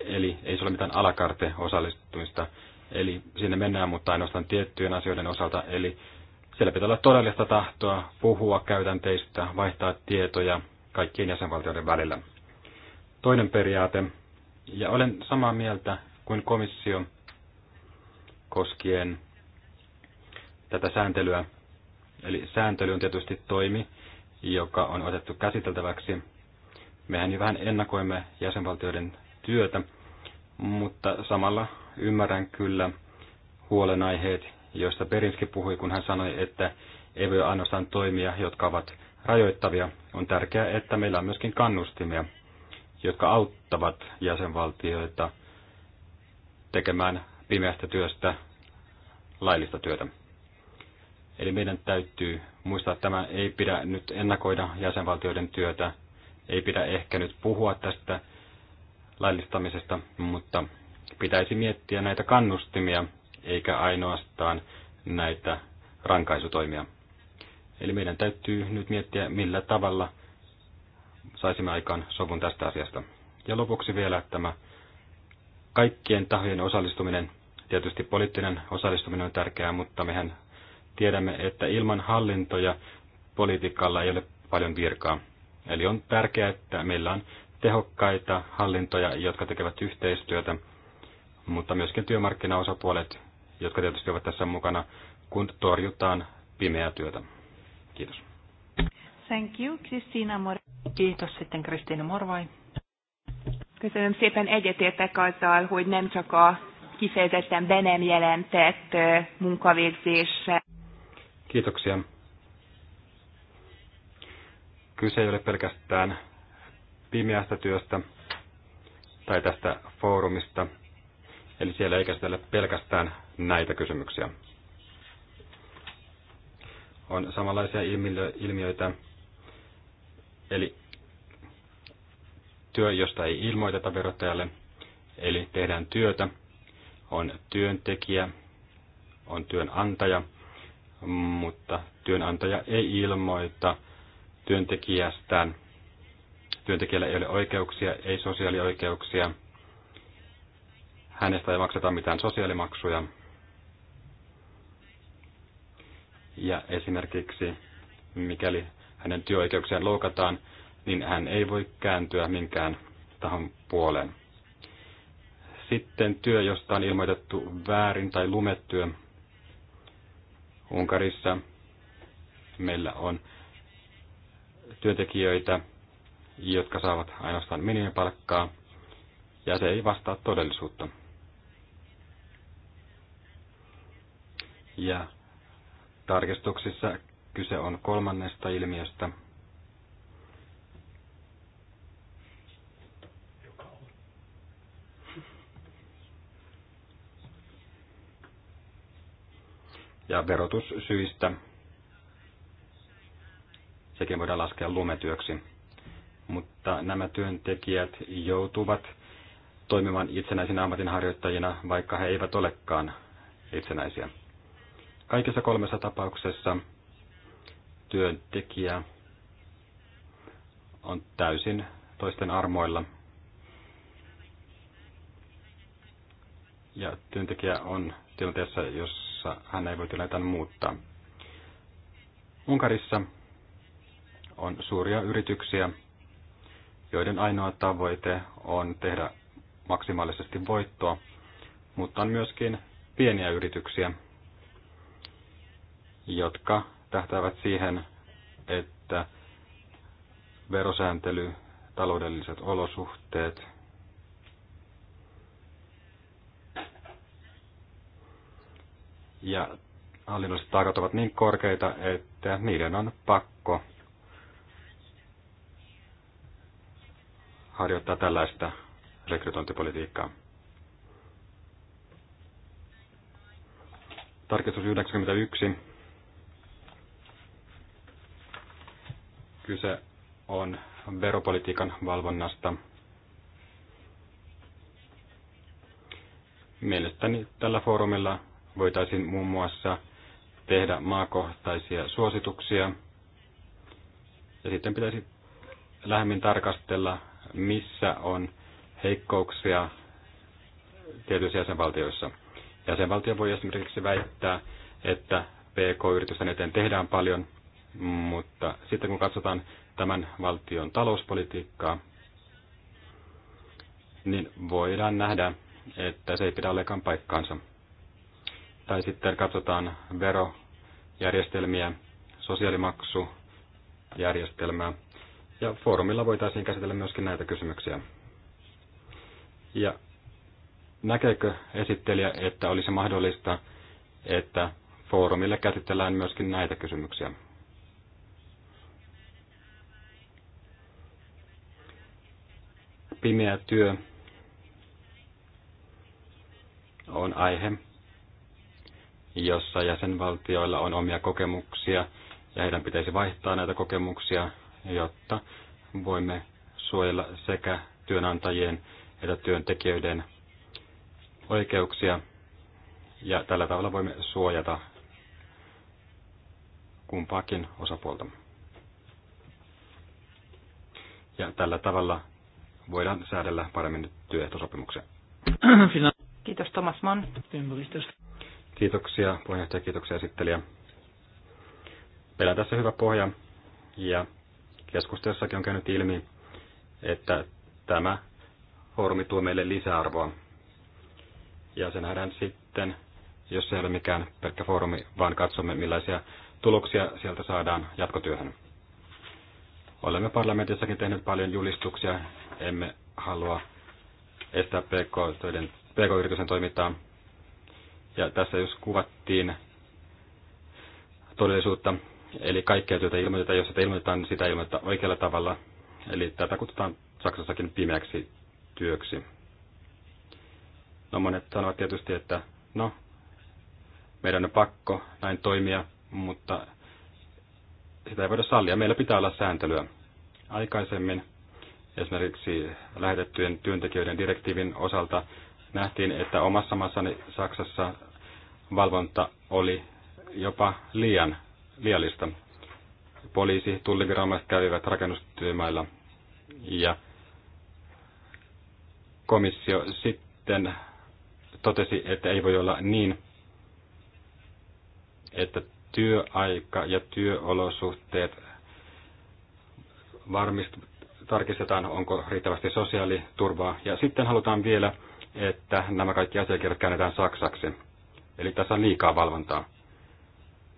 Eli ei se ole mitään alakarte osallistumista. Eli sinne mennään, mutta ainoastaan tiettyjen asioiden osalta. Eli siellä pitää olla todellista tahtoa puhua käytänteistä, vaihtaa tietoja kaikkien jäsenvaltioiden välillä. Toinen periaate, ja olen samaa mieltä kuin komissio koskien tätä sääntelyä. Eli sääntely on tietysti toimi, joka on otettu käsiteltäväksi. Mehän jo vähän ennakoimme jäsenvaltioiden työtä, mutta samalla ymmärrän kyllä huolenaiheet, joista Perinski puhui, kun hän sanoi, että ei voi ainoastaan toimia, jotka ovat rajoittavia. On tärkeää, että meillä on myöskin kannustimia, jotka auttavat jäsenvaltioita tekemään pimeästä työstä laillista työtä. Eli meidän täytyy muistaa, että tämä ei pidä nyt ennakoida jäsenvaltioiden työtä, ei pidä ehkä nyt puhua tästä laillistamisesta, mutta pitäisi miettiä näitä kannustimia, eikä ainoastaan näitä rankaisutoimia. Eli meidän täytyy nyt miettiä, millä tavalla saisimme aikaan sovun tästä asiasta. Ja lopuksi vielä tämä kaikkien tahojen osallistuminen. Tietysti poliittinen osallistuminen on tärkeää, mutta mehän tiedämme, että ilman hallintoja politiikalla ei ole paljon virkaa. Eli on tärkeää, että meillä on tehokkaita hallintoja, jotka tekevät yhteistyötä, mutta myöskin työmarkkinaosapuolet, jotka tietysti ovat tässä mukana, kun torjutaan pimeää työtä. Kiitos. Thank you, Kristiina Mor- Kiitos sitten Kristiina Morvai. Köszönöm szépen, egyetértek azzal, hogy nem csak a kifejezetten be nem jelentett Kiitoksia. Kyse ei ole pelkästään pimeästä työstä tai tästä foorumista. Eli siellä ei käsitellä pelkästään näitä kysymyksiä. On samanlaisia ilmiöitä, eli työ, josta ei ilmoiteta verottajalle, eli tehdään työtä, on työntekijä, on työnantaja, mutta työnantaja ei ilmoita työntekijästään – työntekijällä ei ole oikeuksia, ei sosiaalioikeuksia, hänestä ei makseta mitään sosiaalimaksuja. Ja esimerkiksi, mikäli hänen työoikeuksiaan loukataan, niin hän ei voi kääntyä minkään tahon puoleen. Sitten työ, josta on ilmoitettu väärin tai lumetyö. Unkarissa meillä on työntekijöitä, jotka saavat ainoastaan minimipalkkaa, ja se ei vastaa todellisuutta. Ja tarkistuksissa kyse on kolmannesta ilmiöstä, ja verotussyistä. Sekin voidaan laskea lumetyöksi mutta nämä työntekijät joutuvat toimimaan itsenäisinä ammatinharjoittajina, vaikka he eivät olekaan itsenäisiä. Kaikissa kolmessa tapauksessa työntekijä on täysin toisten armoilla. Ja työntekijä on tilanteessa, jossa hän ei voi tilanteen muuttaa. Unkarissa on suuria yrityksiä, joiden ainoa tavoite on tehdä maksimaalisesti voittoa, mutta on myöskin pieniä yrityksiä, jotka tähtäävät siihen, että verosääntely, taloudelliset olosuhteet, ja hallinnolliset taakat ovat niin korkeita, että niiden on pakko harjoittaa tällaista rekrytointipolitiikkaa. Tarkistus 91. Kyse on veropolitiikan valvonnasta. Mielestäni tällä foorumilla voitaisiin muun muassa tehdä maakohtaisia suosituksia ja sitten pitäisi lähemmin tarkastella missä on heikkouksia tietyissä jäsenvaltioissa. Jäsenvaltio voi esimerkiksi väittää, että PK-yritysten eteen tehdään paljon, mutta sitten kun katsotaan tämän valtion talouspolitiikkaa, niin voidaan nähdä, että se ei pidä olekaan paikkaansa. Tai sitten katsotaan verojärjestelmiä, sosiaalimaksujärjestelmää, ja foorumilla voitaisiin käsitellä myöskin näitä kysymyksiä. Ja näkeekö esittelijä, että olisi mahdollista, että foorumille käsitellään myöskin näitä kysymyksiä? Pimeä työ on aihe, jossa jäsenvaltioilla on omia kokemuksia ja heidän pitäisi vaihtaa näitä kokemuksia jotta voimme suojella sekä työnantajien että työntekijöiden oikeuksia. Ja tällä tavalla voimme suojata kumpaakin osapuolta. Ja tällä tavalla voidaan säädellä paremmin työehtosopimuksia. Kiitos Thomas Mann. Kiitoksia puheenjohtaja, kiitoksia esittelijä. Meillä on tässä hyvä pohja ja keskustelussakin on käynyt ilmi, että tämä foorumi tuo meille lisäarvoa. Ja se nähdään sitten, jos se ei ole mikään pelkkä foorumi, vaan katsomme millaisia tuloksia sieltä saadaan jatkotyöhön. Olemme parlamentissakin tehneet paljon julistuksia, emme halua estää pk-yritysten toimintaa. Ja tässä jos kuvattiin todellisuutta, Eli kaikkea työtä ilmoitetaan, jos sitä ilmoitetaan, niin sitä ilmoitetaan oikealla tavalla. Eli tätä kutsutaan Saksassakin pimeäksi työksi. No monet sanovat tietysti, että no, meidän on pakko näin toimia, mutta sitä ei voida sallia. Meillä pitää olla sääntelyä. Aikaisemmin esimerkiksi lähetettyjen työntekijöiden direktiivin osalta nähtiin, että omassa maassani Saksassa valvonta oli jopa liian liiallista. Poliisi, tulliviranomaiset kävivät rakennustyömailla ja komissio sitten totesi, että ei voi olla niin, että työaika ja työolosuhteet varmist, tarkistetaan, onko riittävästi sosiaaliturvaa. Ja sitten halutaan vielä, että nämä kaikki asiakirjat käännetään saksaksi. Eli tässä on liikaa valvontaa.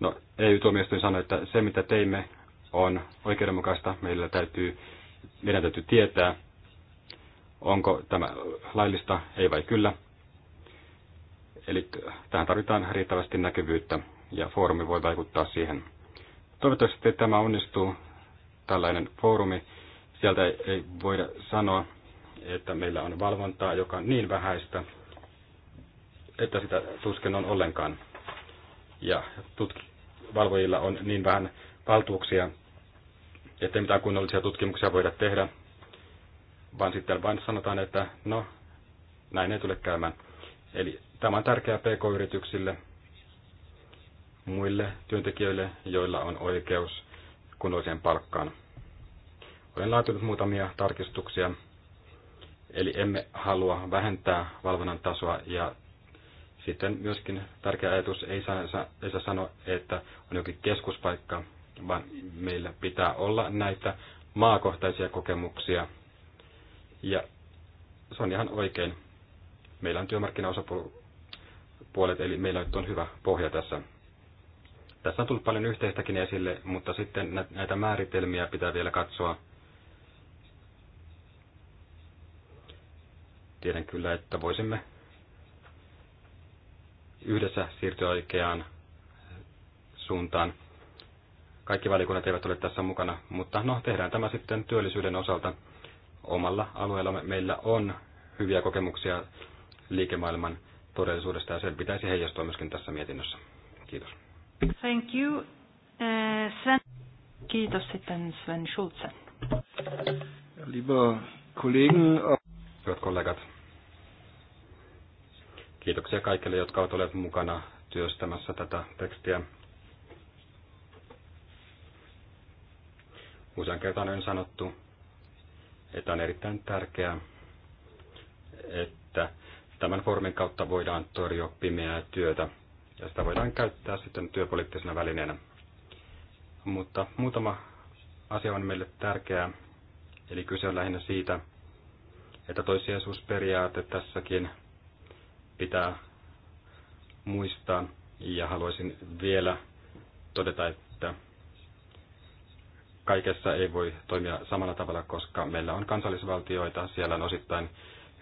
No, EU-tuomioistuin sanoi, että se mitä teimme on oikeudenmukaista. Meillä täytyy, meidän täytyy tietää, onko tämä laillista, ei vai kyllä. Eli tähän tarvitaan riittävästi näkyvyyttä ja foorumi voi vaikuttaa siihen. Toivottavasti tämä onnistuu, tällainen foorumi. Sieltä ei voida sanoa, että meillä on valvontaa, joka on niin vähäistä, että sitä tuskin on ollenkaan. Ja tutki valvojilla on niin vähän valtuuksia, ettei mitään kunnollisia tutkimuksia voida tehdä, vaan sitten vain sanotaan, että no, näin ei tule käymään. Eli tämä on tärkeää pk-yrityksille, muille työntekijöille, joilla on oikeus kunnolliseen palkkaan. Olen laatinut muutamia tarkistuksia, eli emme halua vähentää valvonnan tasoa ja sitten myöskin tärkeä ajatus ei saa, ei saa sanoa, että on jokin keskuspaikka, vaan meillä pitää olla näitä maakohtaisia kokemuksia. Ja se on ihan oikein. Meillä on työmarkkinaosapuolet, eli meillä nyt on hyvä pohja tässä. Tässä on tullut paljon yhteistäkin esille, mutta sitten näitä määritelmiä pitää vielä katsoa. Tiedän kyllä, että voisimme yhdessä siirtyä oikeaan suuntaan. Kaikki valiokunnat eivät ole tässä mukana, mutta no, tehdään tämä sitten työllisyyden osalta. Omalla alueella meillä on hyviä kokemuksia liikemaailman todellisuudesta ja sen pitäisi heijastua myöskin tässä mietinnössä. Kiitos. Thank you. Uh, Sven. Kiitos sitten Sven Schulze. Lieber Kollegen. Hyvät kollegat, Kiitoksia kaikille, jotka ovat olleet mukana työstämässä tätä tekstiä. Usean kertaan on sanottu, että on erittäin tärkeää, että tämän formin kautta voidaan torjua pimeää työtä ja sitä voidaan käyttää sitten työpoliittisena välineenä. Mutta muutama asia on meille tärkeää, eli kyse on lähinnä siitä, että toissijaisuusperiaate tässäkin pitää muistaa. Ja haluaisin vielä todeta, että kaikessa ei voi toimia samalla tavalla, koska meillä on kansallisvaltioita, siellä on osittain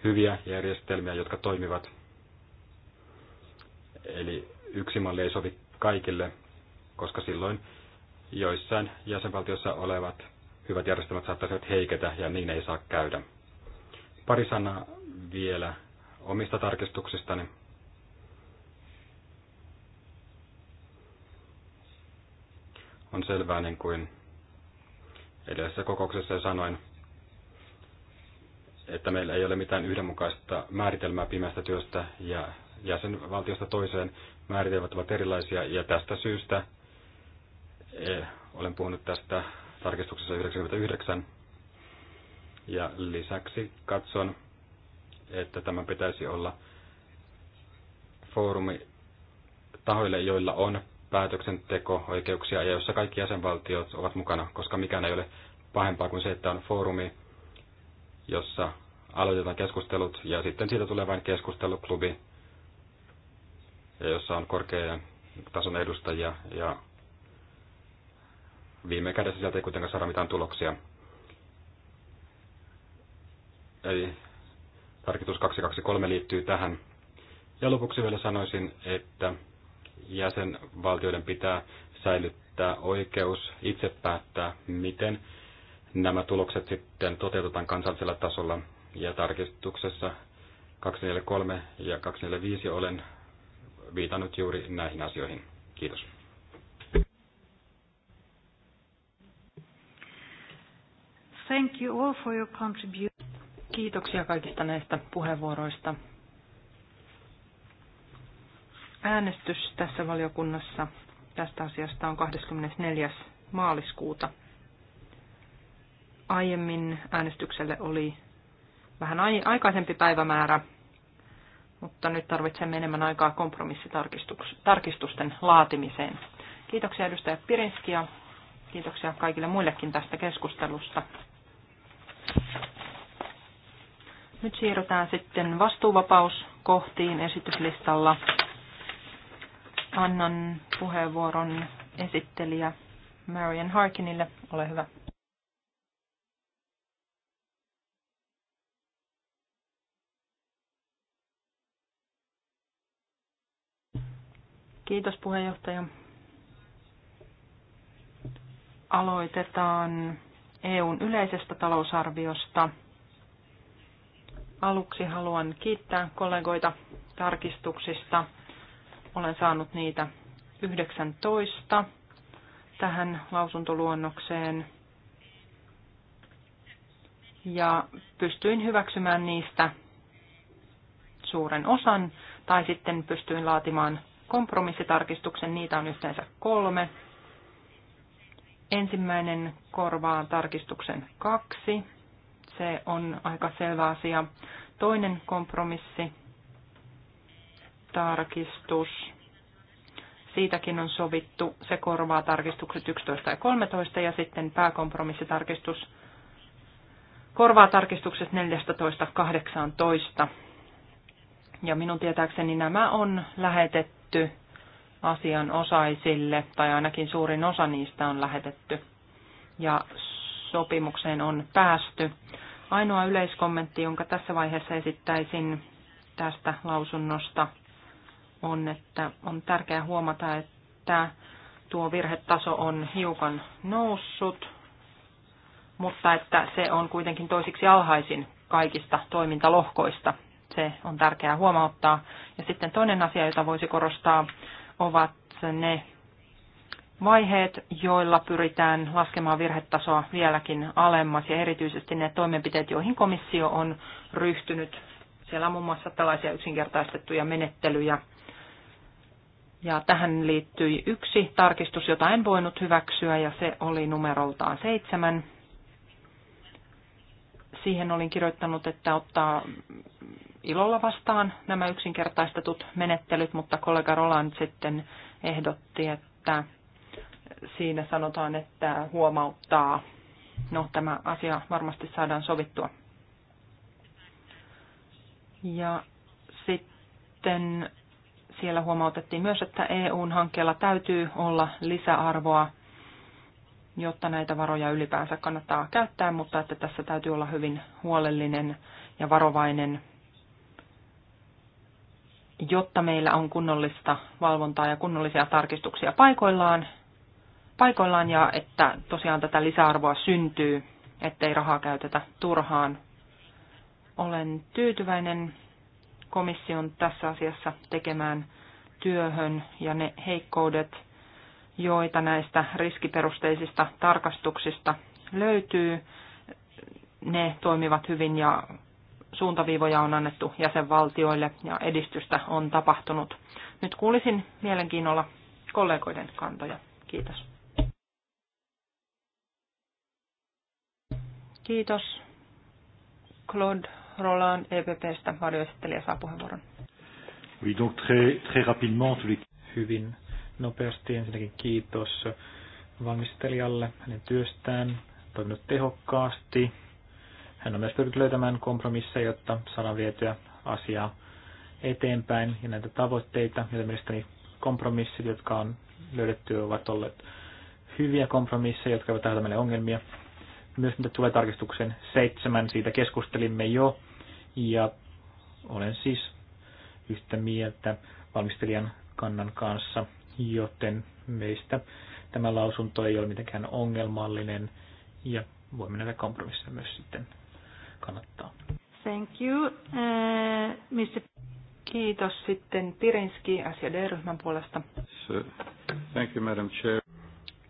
hyviä järjestelmiä, jotka toimivat. Eli yksi malli ei sovi kaikille, koska silloin joissain jäsenvaltiossa olevat hyvät järjestelmät saattaisivat heiketä ja niin ei saa käydä. Pari sanaa vielä omista tarkistuksistani. On selvää, niin kuin edellisessä kokouksessa jo sanoin, että meillä ei ole mitään yhdenmukaista määritelmää pimeästä työstä ja jäsenvaltiosta toiseen määritelmät ovat erilaisia ja tästä syystä eh, olen puhunut tästä tarkistuksessa 99 ja lisäksi katson, että tämä pitäisi olla foorumi tahoille, joilla on päätöksenteko-oikeuksia ja jossa kaikki jäsenvaltiot ovat mukana, koska mikään ei ole pahempaa kuin se, että on foorumi, jossa aloitetaan keskustelut ja sitten siitä tulee vain keskusteluklubi, ja jossa on korkean tason edustajia ja viime kädessä sieltä ei kuitenkaan saada mitään tuloksia. Eli tarkoitus 223 liittyy tähän. Ja lopuksi vielä sanoisin, että jäsenvaltioiden pitää säilyttää oikeus itse päättää, miten nämä tulokset sitten toteutetaan kansallisella tasolla. Ja tarkistuksessa 243 ja 245 olen viitannut juuri näihin asioihin. Kiitos. Thank you all for your contribution. Kiitoksia kaikista näistä puheenvuoroista. Äänestys tässä valiokunnassa tästä asiasta on 24. maaliskuuta. Aiemmin äänestykselle oli vähän aikaisempi päivämäärä, mutta nyt tarvitsemme enemmän aikaa kompromissitarkistusten laatimiseen. Kiitoksia edustaja Pirinski ja kiitoksia kaikille muillekin tästä keskustelusta. Nyt siirrytään sitten vastuuvapauskohtiin esityslistalla. Annan puheenvuoron esittelijä Marian Harkinille. Ole hyvä. Kiitos puheenjohtaja. Aloitetaan EUn yleisestä talousarviosta – Aluksi haluan kiittää kollegoita tarkistuksista. Olen saanut niitä 19 tähän lausuntoluonnokseen ja pystyin hyväksymään niistä suuren osan tai sitten pystyin laatimaan kompromissitarkistuksen. Niitä on yhteensä kolme. Ensimmäinen korvaa tarkistuksen kaksi se on aika selvä asia. Toinen kompromissi, tarkistus. Siitäkin on sovittu. Se korvaa tarkistukset 11 ja 13 ja sitten pääkompromissitarkistus korvaa tarkistukset 14 Ja minun tietääkseni nämä on lähetetty asian osaisille, tai ainakin suurin osa niistä on lähetetty. Ja sopimukseen on päästy. Ainoa yleiskommentti, jonka tässä vaiheessa esittäisin tästä lausunnosta, on, että on tärkeää huomata, että tuo virhetaso on hiukan noussut, mutta että se on kuitenkin toisiksi alhaisin kaikista toimintalohkoista. Se on tärkeää huomauttaa. Ja sitten toinen asia, jota voisi korostaa, ovat ne vaiheet, joilla pyritään laskemaan virhetasoa vieläkin alemmas ja erityisesti ne toimenpiteet, joihin komissio on ryhtynyt. Siellä on muun muassa tällaisia yksinkertaistettuja menettelyjä. Ja tähän liittyi yksi tarkistus, jota en voinut hyväksyä ja se oli numeroltaan seitsemän. Siihen olin kirjoittanut, että ottaa ilolla vastaan nämä yksinkertaistetut menettelyt, mutta kollega Roland sitten ehdotti, että siinä sanotaan, että huomauttaa. No, tämä asia varmasti saadaan sovittua. Ja sitten siellä huomautettiin myös, että EUn hankkeella täytyy olla lisäarvoa, jotta näitä varoja ylipäänsä kannattaa käyttää, mutta että tässä täytyy olla hyvin huolellinen ja varovainen, jotta meillä on kunnollista valvontaa ja kunnollisia tarkistuksia paikoillaan paikoillaan ja että tosiaan tätä lisäarvoa syntyy, ettei rahaa käytetä turhaan. Olen tyytyväinen komission tässä asiassa tekemään työhön ja ne heikkoudet, joita näistä riskiperusteisista tarkastuksista löytyy, ne toimivat hyvin ja suuntaviivoja on annettu jäsenvaltioille ja edistystä on tapahtunut. Nyt kuulisin mielenkiinnolla kollegoiden kantoja. Kiitos. Kiitos. Claude Roland EPPstä varjoesittelijä saa puheenvuoron. Oui, donc très, très rapidement, Hyvin nopeasti ensinnäkin kiitos valmistelijalle hänen työstään, toiminut tehokkaasti. Hän on myös pyrkinyt löytämään kompromisseja, jotta saadaan vietyä asiaa eteenpäin ja näitä tavoitteita, joita mielestäni kompromissit, jotka on löydetty, ovat olleet hyviä kompromisseja, jotka eivät tähdä meille ongelmia. Myös mitä tulee tarkistuksen seitsemän, siitä keskustelimme jo, ja olen siis yhtä mieltä valmistelijan kannan kanssa, joten meistä tämä lausunto ei ole mitenkään ongelmallinen, ja voimme näitä kompromisseja myös sitten kannattaa. Thank you. Uh, eh, Mr. Kiitos sitten Pirinski asia ryhmän puolesta. Thank you, Madam Chair.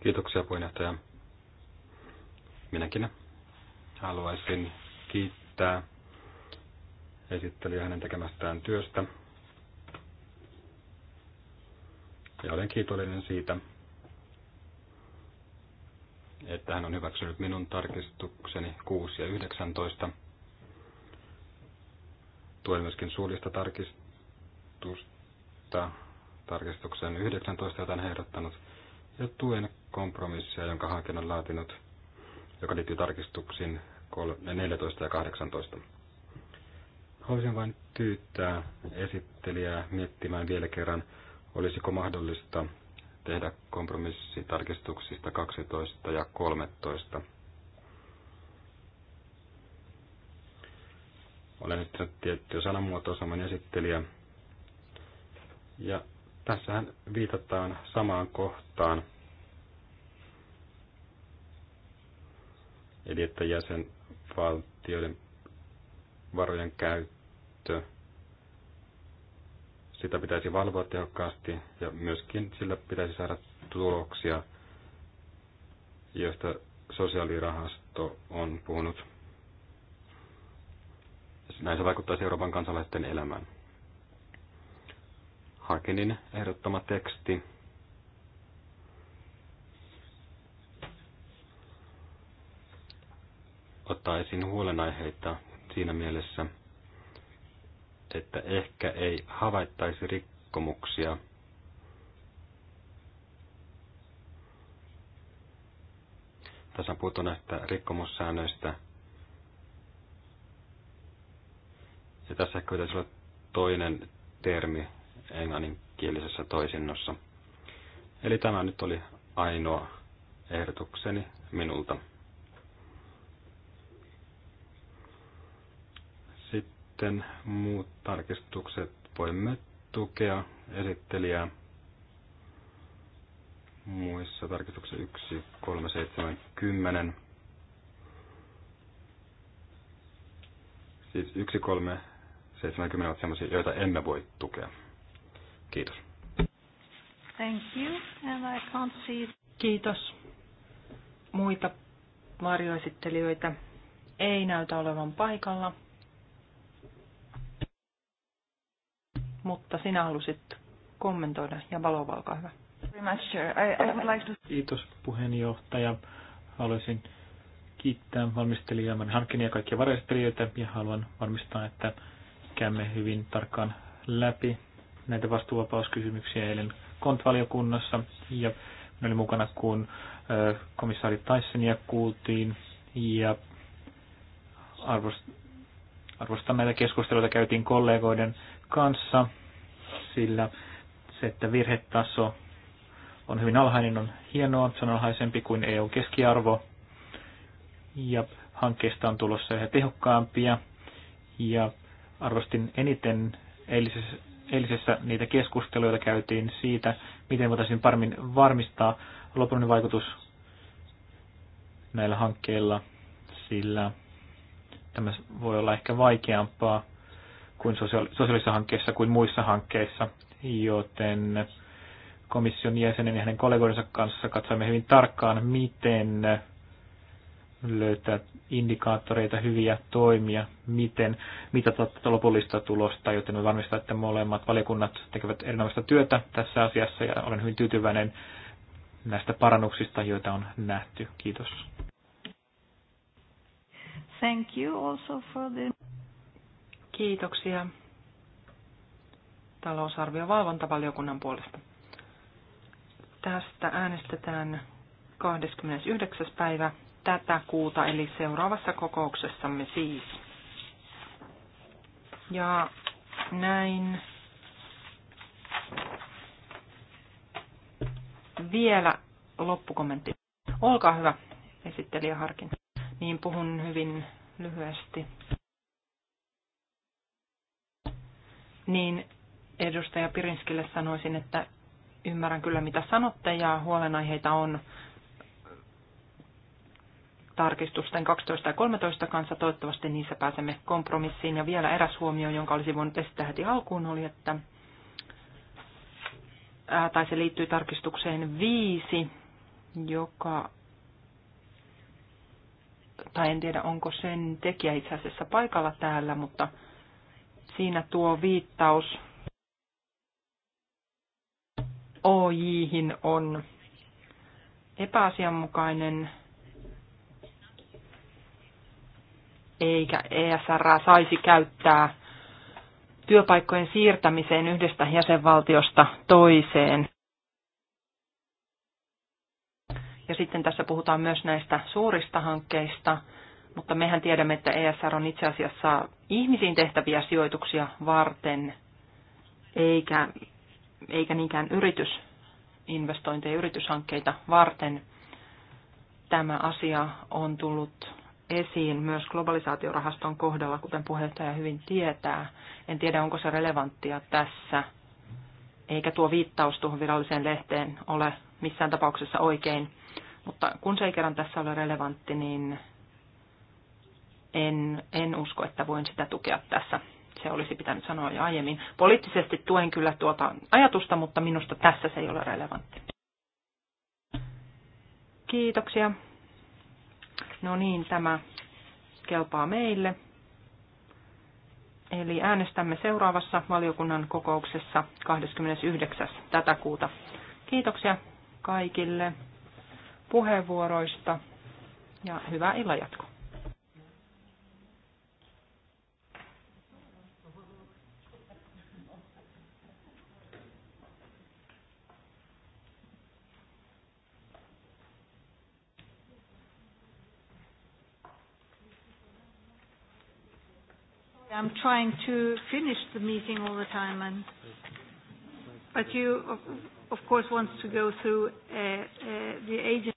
Kiitoksia puheenjohtaja. Minäkin haluaisin kiittää esittelijä hänen tekemästään työstä. Ja olen kiitollinen siitä, että hän on hyväksynyt minun tarkistukseni 6 ja 19. Tuen myöskin suullista tarkistusta tarkistuksen 19, jota hän ehdottanut, ja tuen kompromissia, jonka hankin on laatinut – joka liittyy tarkistuksiin 14 ja 18. Haluaisin vain tyyttää esittelijää miettimään vielä kerran, olisiko mahdollista tehdä tarkistuksista 12 ja 13. Olen esittänyt tiettyä sanamuotoa saman esittelijä. Ja tässähän viitataan samaan kohtaan Eli että jäsenvaltioiden varojen käyttö, sitä pitäisi valvoa tehokkaasti ja myöskin sillä pitäisi saada tuloksia, joista sosiaalirahasto on puhunut. Näin se vaikuttaisi Euroopan kansalaisten elämään. Hakenin ehdottama teksti ottaa esiin huolenaiheita siinä mielessä, että ehkä ei havaittaisi rikkomuksia Tässä on puhuttu näistä rikkomussäännöistä. Ja tässä ehkä pitäisi olla toinen termi englanninkielisessä toisinnossa. Eli tämä nyt oli ainoa ehdotukseni minulta. sitten muut tarkistukset voimme tukea esittelijää muissa tarkistuksissa 1, 3, 7, 10. Siis 1, 3, 70 ovat sellaisia, joita emme voi tukea. Kiitos. Thank you. And I can't see... Kiitos. Muita varjoesittelijöitä ei näytä olevan paikalla. mutta sinä halusit kommentoida ja valova, olkaa hyvä. Kiitos puheenjohtaja. Haluaisin kiittää valmistelijaa Mari ja kaikkia varjostelijoita ja haluan varmistaa, että käymme hyvin tarkkaan läpi näitä vastuuvapauskysymyksiä eilen kontvaliokunnassa ja minä olin mukana, kun komissaari Tysonia kuultiin ja arvostan näitä keskusteluita käytiin kollegoiden kanssa, sillä se, että virhetaso on hyvin alhainen, niin on hienoa. Se on alhaisempi kuin EU-keskiarvo. Ja hankkeista on tulossa yhä tehokkaampia. Ja arvostin eniten eilisessä, eilisessä niitä keskusteluja, joita käytiin siitä, miten voitaisiin paremmin varmistaa lopullinen vaikutus näillä hankkeilla, sillä tämä voi olla ehkä vaikeampaa kuin sosiaalisissa hankkeissa kuin muissa hankkeissa, joten komission jäsenen ja hänen kollegoidensa kanssa katsoimme hyvin tarkkaan, miten löytää indikaattoreita, hyviä toimia, miten mitata lopullista tulosta, joten me varmistaa, että molemmat valiokunnat tekevät erinomaista työtä tässä asiassa ja olen hyvin tyytyväinen näistä parannuksista, joita on nähty. Kiitos. Thank you also for the Kiitoksia talousarviovalvontavaliokunnan puolesta. Tästä äänestetään 29. päivä tätä kuuta, eli seuraavassa kokouksessamme siis. Ja näin vielä loppukommentti. Olkaa hyvä, esittelijä Harkin. Niin puhun hyvin lyhyesti. niin edustaja Pirinskille sanoisin, että ymmärrän kyllä mitä sanotte ja huolenaiheita on tarkistusten 12 ja 13 kanssa. Toivottavasti niissä pääsemme kompromissiin. Ja vielä eräs huomio, jonka olisi voinut esittää heti alkuun, oli, että ää, tai se liittyy tarkistukseen 5, joka tai en tiedä onko sen tekijä itse asiassa paikalla täällä, mutta Siinä tuo viittaus OJ:hin on epäasianmukainen, eikä ESR saisi käyttää työpaikkojen siirtämiseen yhdestä jäsenvaltiosta toiseen. Ja sitten tässä puhutaan myös näistä suurista hankkeista, mutta mehän tiedämme, että ESR on itse asiassa ihmisiin tehtäviä sijoituksia varten, eikä, eikä niinkään yritysinvestointeja, yrityshankkeita varten. Tämä asia on tullut esiin myös globalisaatiorahaston kohdalla, kuten puheenjohtaja hyvin tietää. En tiedä, onko se relevanttia tässä, eikä tuo viittaus tuohon viralliseen lehteen ole missään tapauksessa oikein. Mutta kun se ei kerran tässä ole relevantti, niin en, en usko, että voin sitä tukea tässä. Se olisi pitänyt sanoa jo aiemmin. Poliittisesti tuen kyllä tuota ajatusta, mutta minusta tässä se ei ole relevantti. Kiitoksia. No niin, tämä kelpaa meille. Eli äänestämme seuraavassa valiokunnan kokouksessa 29. tätä kuuta. Kiitoksia kaikille puheenvuoroista ja hyvää illanjatkoa. I'm trying to finish the meeting all the time, and but you of, of course wants to go through uh, uh, the agent.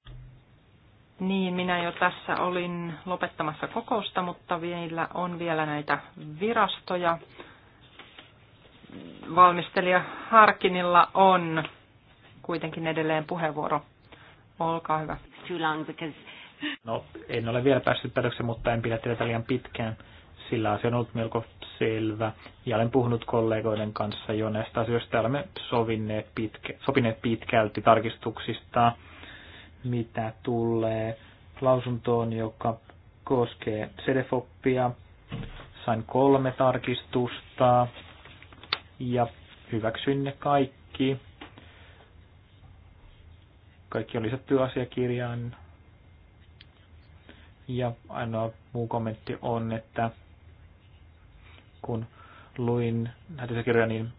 Niin, minä jo tässä olin lopettamassa kokousta, mutta vielä on vielä näitä virastoja. Valmistelija Harkinilla on kuitenkin edelleen puheenvuoro. Olkaa hyvä. No, en ole vielä päässyt päätökseen, mutta en pidä tätä liian pitkään sillä asia on ollut melko selvä. Ja olen puhunut kollegoiden kanssa jo näistä asioista. Olemme sovinneet pitkä, sopineet pitkälti tarkistuksista, mitä tulee lausuntoon, joka koskee CDFOPia. Sain kolme tarkistusta ja hyväksyin ne kaikki. Kaikki on lisätty asiakirjaan. Ja ainoa muu kommentti on, että kun luin näitä kirjoja, niin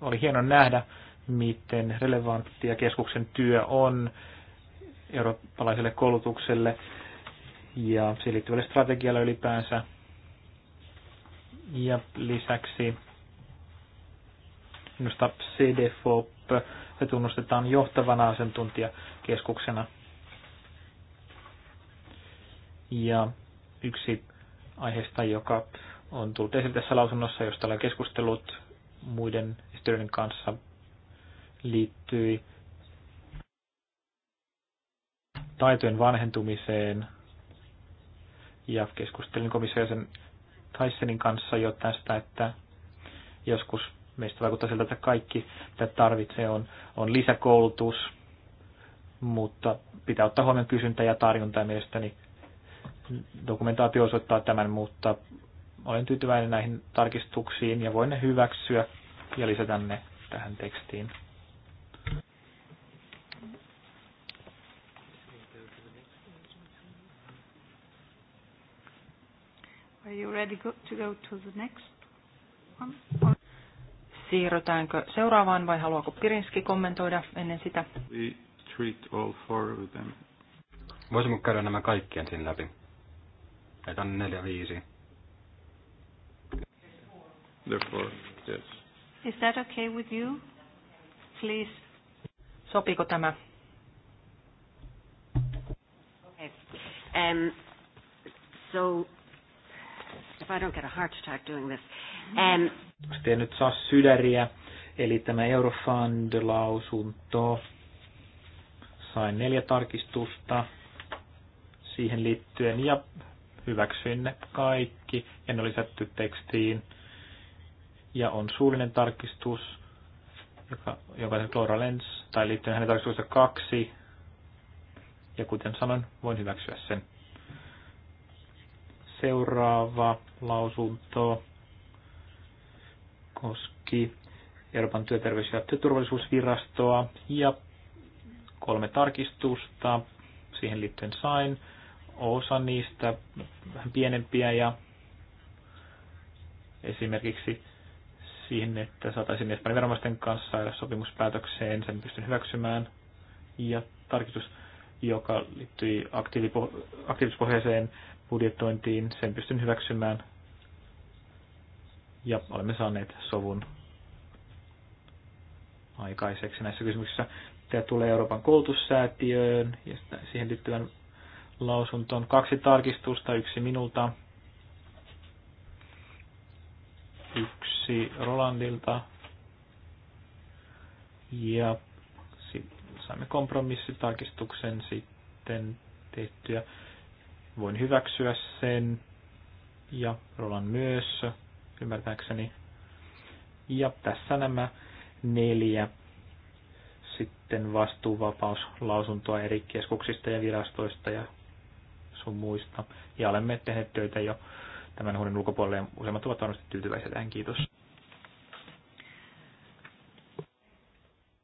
oli hieno nähdä, miten relevanttia keskuksen työ on eurooppalaiselle koulutukselle ja siihen liittyvälle strategialle ylipäänsä. Ja lisäksi minusta CDFOP tunnustetaan johtavana asiantuntijakeskuksena. Ja yksi aiheesta, joka on tullut esille tässä lausunnossa, josta olen keskustellut muiden historioiden kanssa, liittyi taitojen vanhentumiseen. Ja keskustelin komissiojäsen Tysonin kanssa jo tästä, että joskus meistä vaikuttaa siltä, että kaikki mitä tarvitsee on, on lisäkoulutus, mutta pitää ottaa huomioon kysyntä ja tarjonta ja mielestäni dokumentaatio osoittaa tämän, mutta olen tyytyväinen näihin tarkistuksiin ja voin ne hyväksyä ja lisätä ne tähän tekstiin. Are you ready to go to the next one? Siirrytäänkö seuraavaan vai haluaako Pirinski kommentoida ennen sitä? We treat all four of them. Voisimme käydä nämä kaikki ensin läpi. Näitä on neljä, viisi, Therefore, yes. Is that okay with you? Please. Sopiko tämä? Okay. Um, so, if I don't get a heart attack doing this. Um, Sitten nyt saa sydäriä, eli tämä Eurofund-lausunto. sai neljä tarkistusta siihen liittyen ja hyväksyin ne kaikki En ole lisätty tekstiin ja on suullinen tarkistus, joka, joka on Laura Lenz, tai liittyen hänen tarkistuksessa kaksi, ja kuten sanoin, voin hyväksyä sen. Seuraava lausunto koski Euroopan työterveys- ja työturvallisuusvirastoa ja kolme tarkistusta siihen liittyen sain. Osa niistä vähän pienempiä ja esimerkiksi siihen, että saataisiin Espanjan veromaisten kanssa sopimuspäätökseen, sen pystyn hyväksymään. Ja tarkistus, joka liittyi aktiivispohjaiseen budjetointiin, sen pystyn hyväksymään. Ja olemme saaneet sovun aikaiseksi näissä kysymyksissä. Tämä tulee Euroopan koulutussäätiöön ja siihen liittyvän lausuntoon. Kaksi tarkistusta, yksi minulta yksi Rolandilta. Ja saimme kompromissitarkistuksen sitten tehtyä. Voin hyväksyä sen ja Roland myös, ymmärtääkseni. Ja tässä nämä neljä sitten vastuuvapauslausuntoa eri keskuksista ja virastoista ja sun muista. Ja olemme tehneet töitä jo tämän huoneen ulkopuolelle ja useimmat ovat varmasti tyytyväisiä tähän. Kiitos.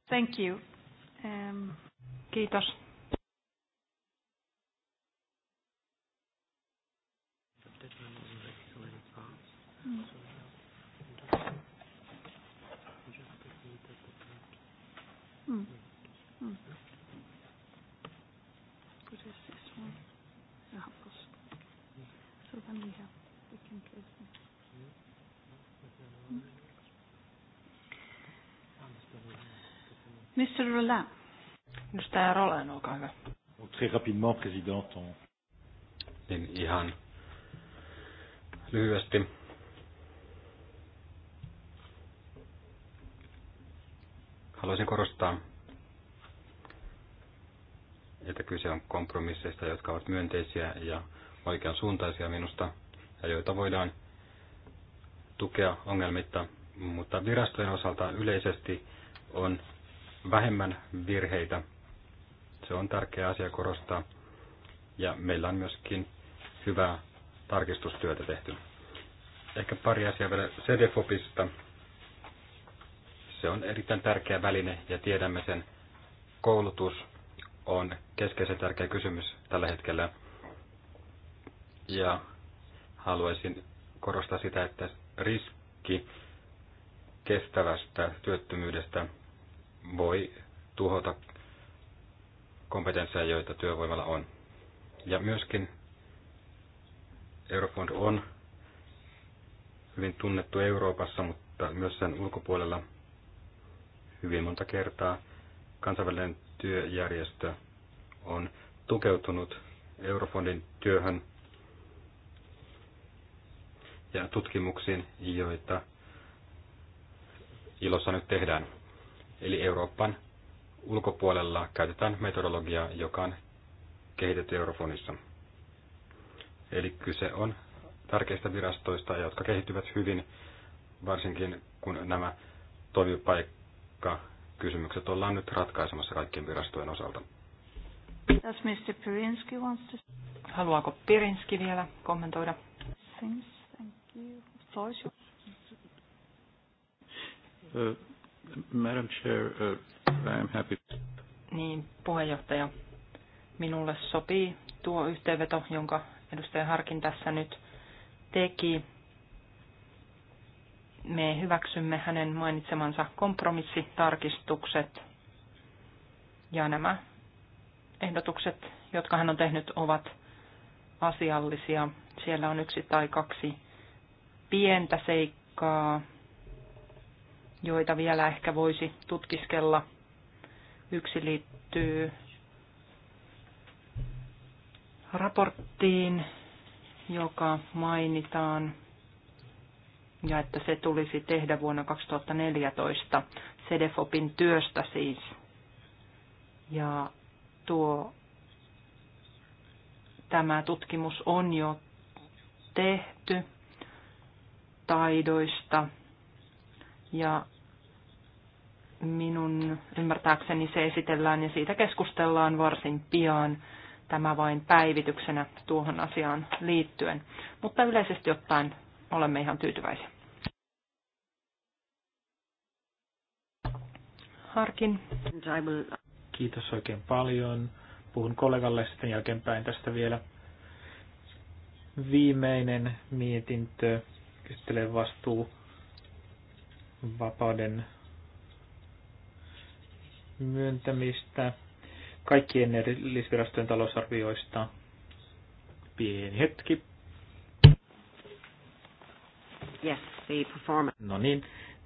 Thank you. Um, kiitos. Mr. Roland. Edustaja Roland, olkaa hyvä. Très rapidement, président. On... Niin ihan lyhyesti. Haluaisin korostaa, että kyse on kompromisseista, jotka ovat myönteisiä ja oikean suuntaisia minusta ja joita voidaan tukea ongelmitta, mutta virastojen osalta yleisesti on vähemmän virheitä. Se on tärkeä asia korostaa. Ja meillä on myöskin hyvää tarkistustyötä tehty. Ehkä pari asiaa vielä CDFOPista. Se on erittäin tärkeä väline ja tiedämme sen. Koulutus on keskeisen tärkeä kysymys tällä hetkellä. Ja haluaisin korostaa sitä, että riski kestävästä työttömyydestä voi tuhota kompetensseja, joita työvoimalla on. Ja myöskin Eurofond on hyvin tunnettu Euroopassa, mutta myös sen ulkopuolella hyvin monta kertaa kansainvälinen työjärjestö on tukeutunut Eurofondin työhön ja tutkimuksiin, joita ilossa nyt tehdään. Eli Euroopan ulkopuolella käytetään metodologiaa, joka on kehitetty Eurofonissa. Eli kyse on tärkeistä virastoista, jotka kehittyvät hyvin, varsinkin kun nämä toimipaikkakysymykset ollaan nyt ratkaisemassa kaikkien virastojen osalta. Does Mr. Pirinski wants to... Haluaako Pirinski vielä kommentoida? Thanks, thank you. Madam Chair, uh, I am happy. Niin, puheenjohtaja, minulle sopii tuo yhteenveto, jonka edustaja Harkin tässä nyt teki. Me hyväksymme hänen mainitsemansa kompromissitarkistukset ja nämä ehdotukset, jotka hän on tehnyt, ovat asiallisia. Siellä on yksi tai kaksi pientä seikkaa, joita vielä ehkä voisi tutkiskella. Yksi liittyy raporttiin, joka mainitaan ja että se tulisi tehdä vuonna 2014 CDFOPin työstä siis. Ja tuo tämä tutkimus on jo tehty taidoista ja minun ymmärtääkseni se esitellään ja siitä keskustellaan varsin pian. Tämä vain päivityksenä tuohon asiaan liittyen. Mutta yleisesti ottaen olemme ihan tyytyväisiä. Harkin. Kiitos oikein paljon. Puhun kollegalle sitten jälkeenpäin tästä vielä. Viimeinen mietintö käsittelee vastuu vapauden myöntämistä kaikkien erillisvirastojen talousarvioista. Pieni hetki. Yes, the performance. No niin,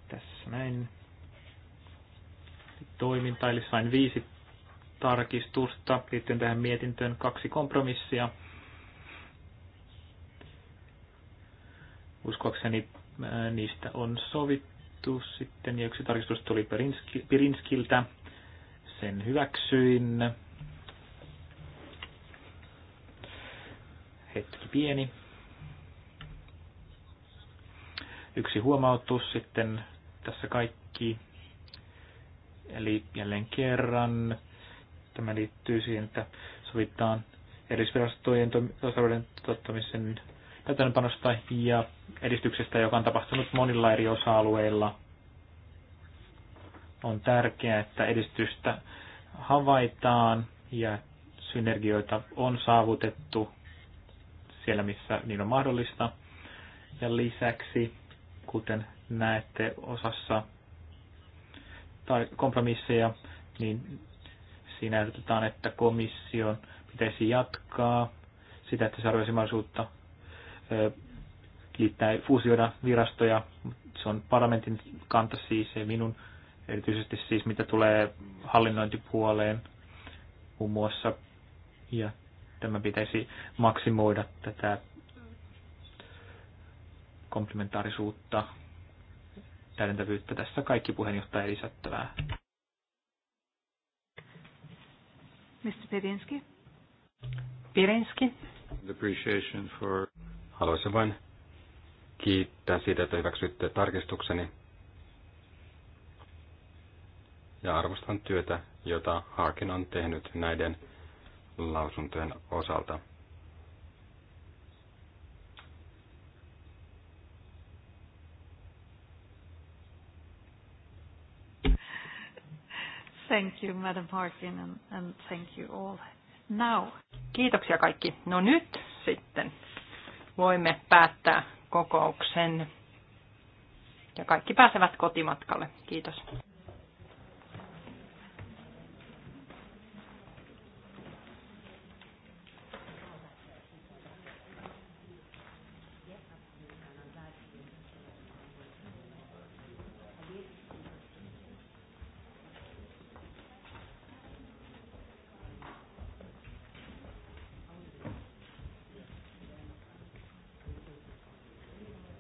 tässä näin. Toiminta, eli sain viisi tarkistusta liittyen tähän mietintöön, kaksi kompromissia. Uskoakseni niistä on sovittu sovittu sitten, ja yksi tarkistus tuli Pirinski, Pirinskiltä. Sen hyväksyin. Hetki pieni. Yksi huomautus sitten tässä kaikki. Eli jälleen kerran tämä liittyy siihen, että sovitaan erillisvirastojen tasa-arvoiden toteuttamisen täytäntöönpanosta ja edistyksestä, joka on tapahtunut monilla eri osa-alueilla. On tärkeää, että edistystä havaitaan ja synergioita on saavutettu siellä, missä niin on mahdollista. Ja lisäksi, kuten näette osassa tai kompromisseja, niin siinä ehdotetaan, että komission pitäisi jatkaa sitä, että se arvioisi mahdollisuutta liittää, fuusioida virastoja. Se on parlamentin kanta siis, ja minun erityisesti siis, mitä tulee hallinnointipuoleen muun muassa. Ja tämä pitäisi maksimoida tätä komplementaarisuutta, täydentävyyttä. Tässä kaikki puheenjohtaja lisättävää. Mr. Pirinski. Pirinski. Appreciation for... Haluaisin vain kiittää siitä, että hyväksytte tarkistukseni. Ja arvostan työtä, jota Haakin on tehnyt näiden lausuntojen osalta. Thank you, Madam Harkin, and, and thank you all. Now. Kiitoksia kaikki. No nyt sitten voimme päättää kokouksen. Ja kaikki pääsevät kotimatkalle. Kiitos.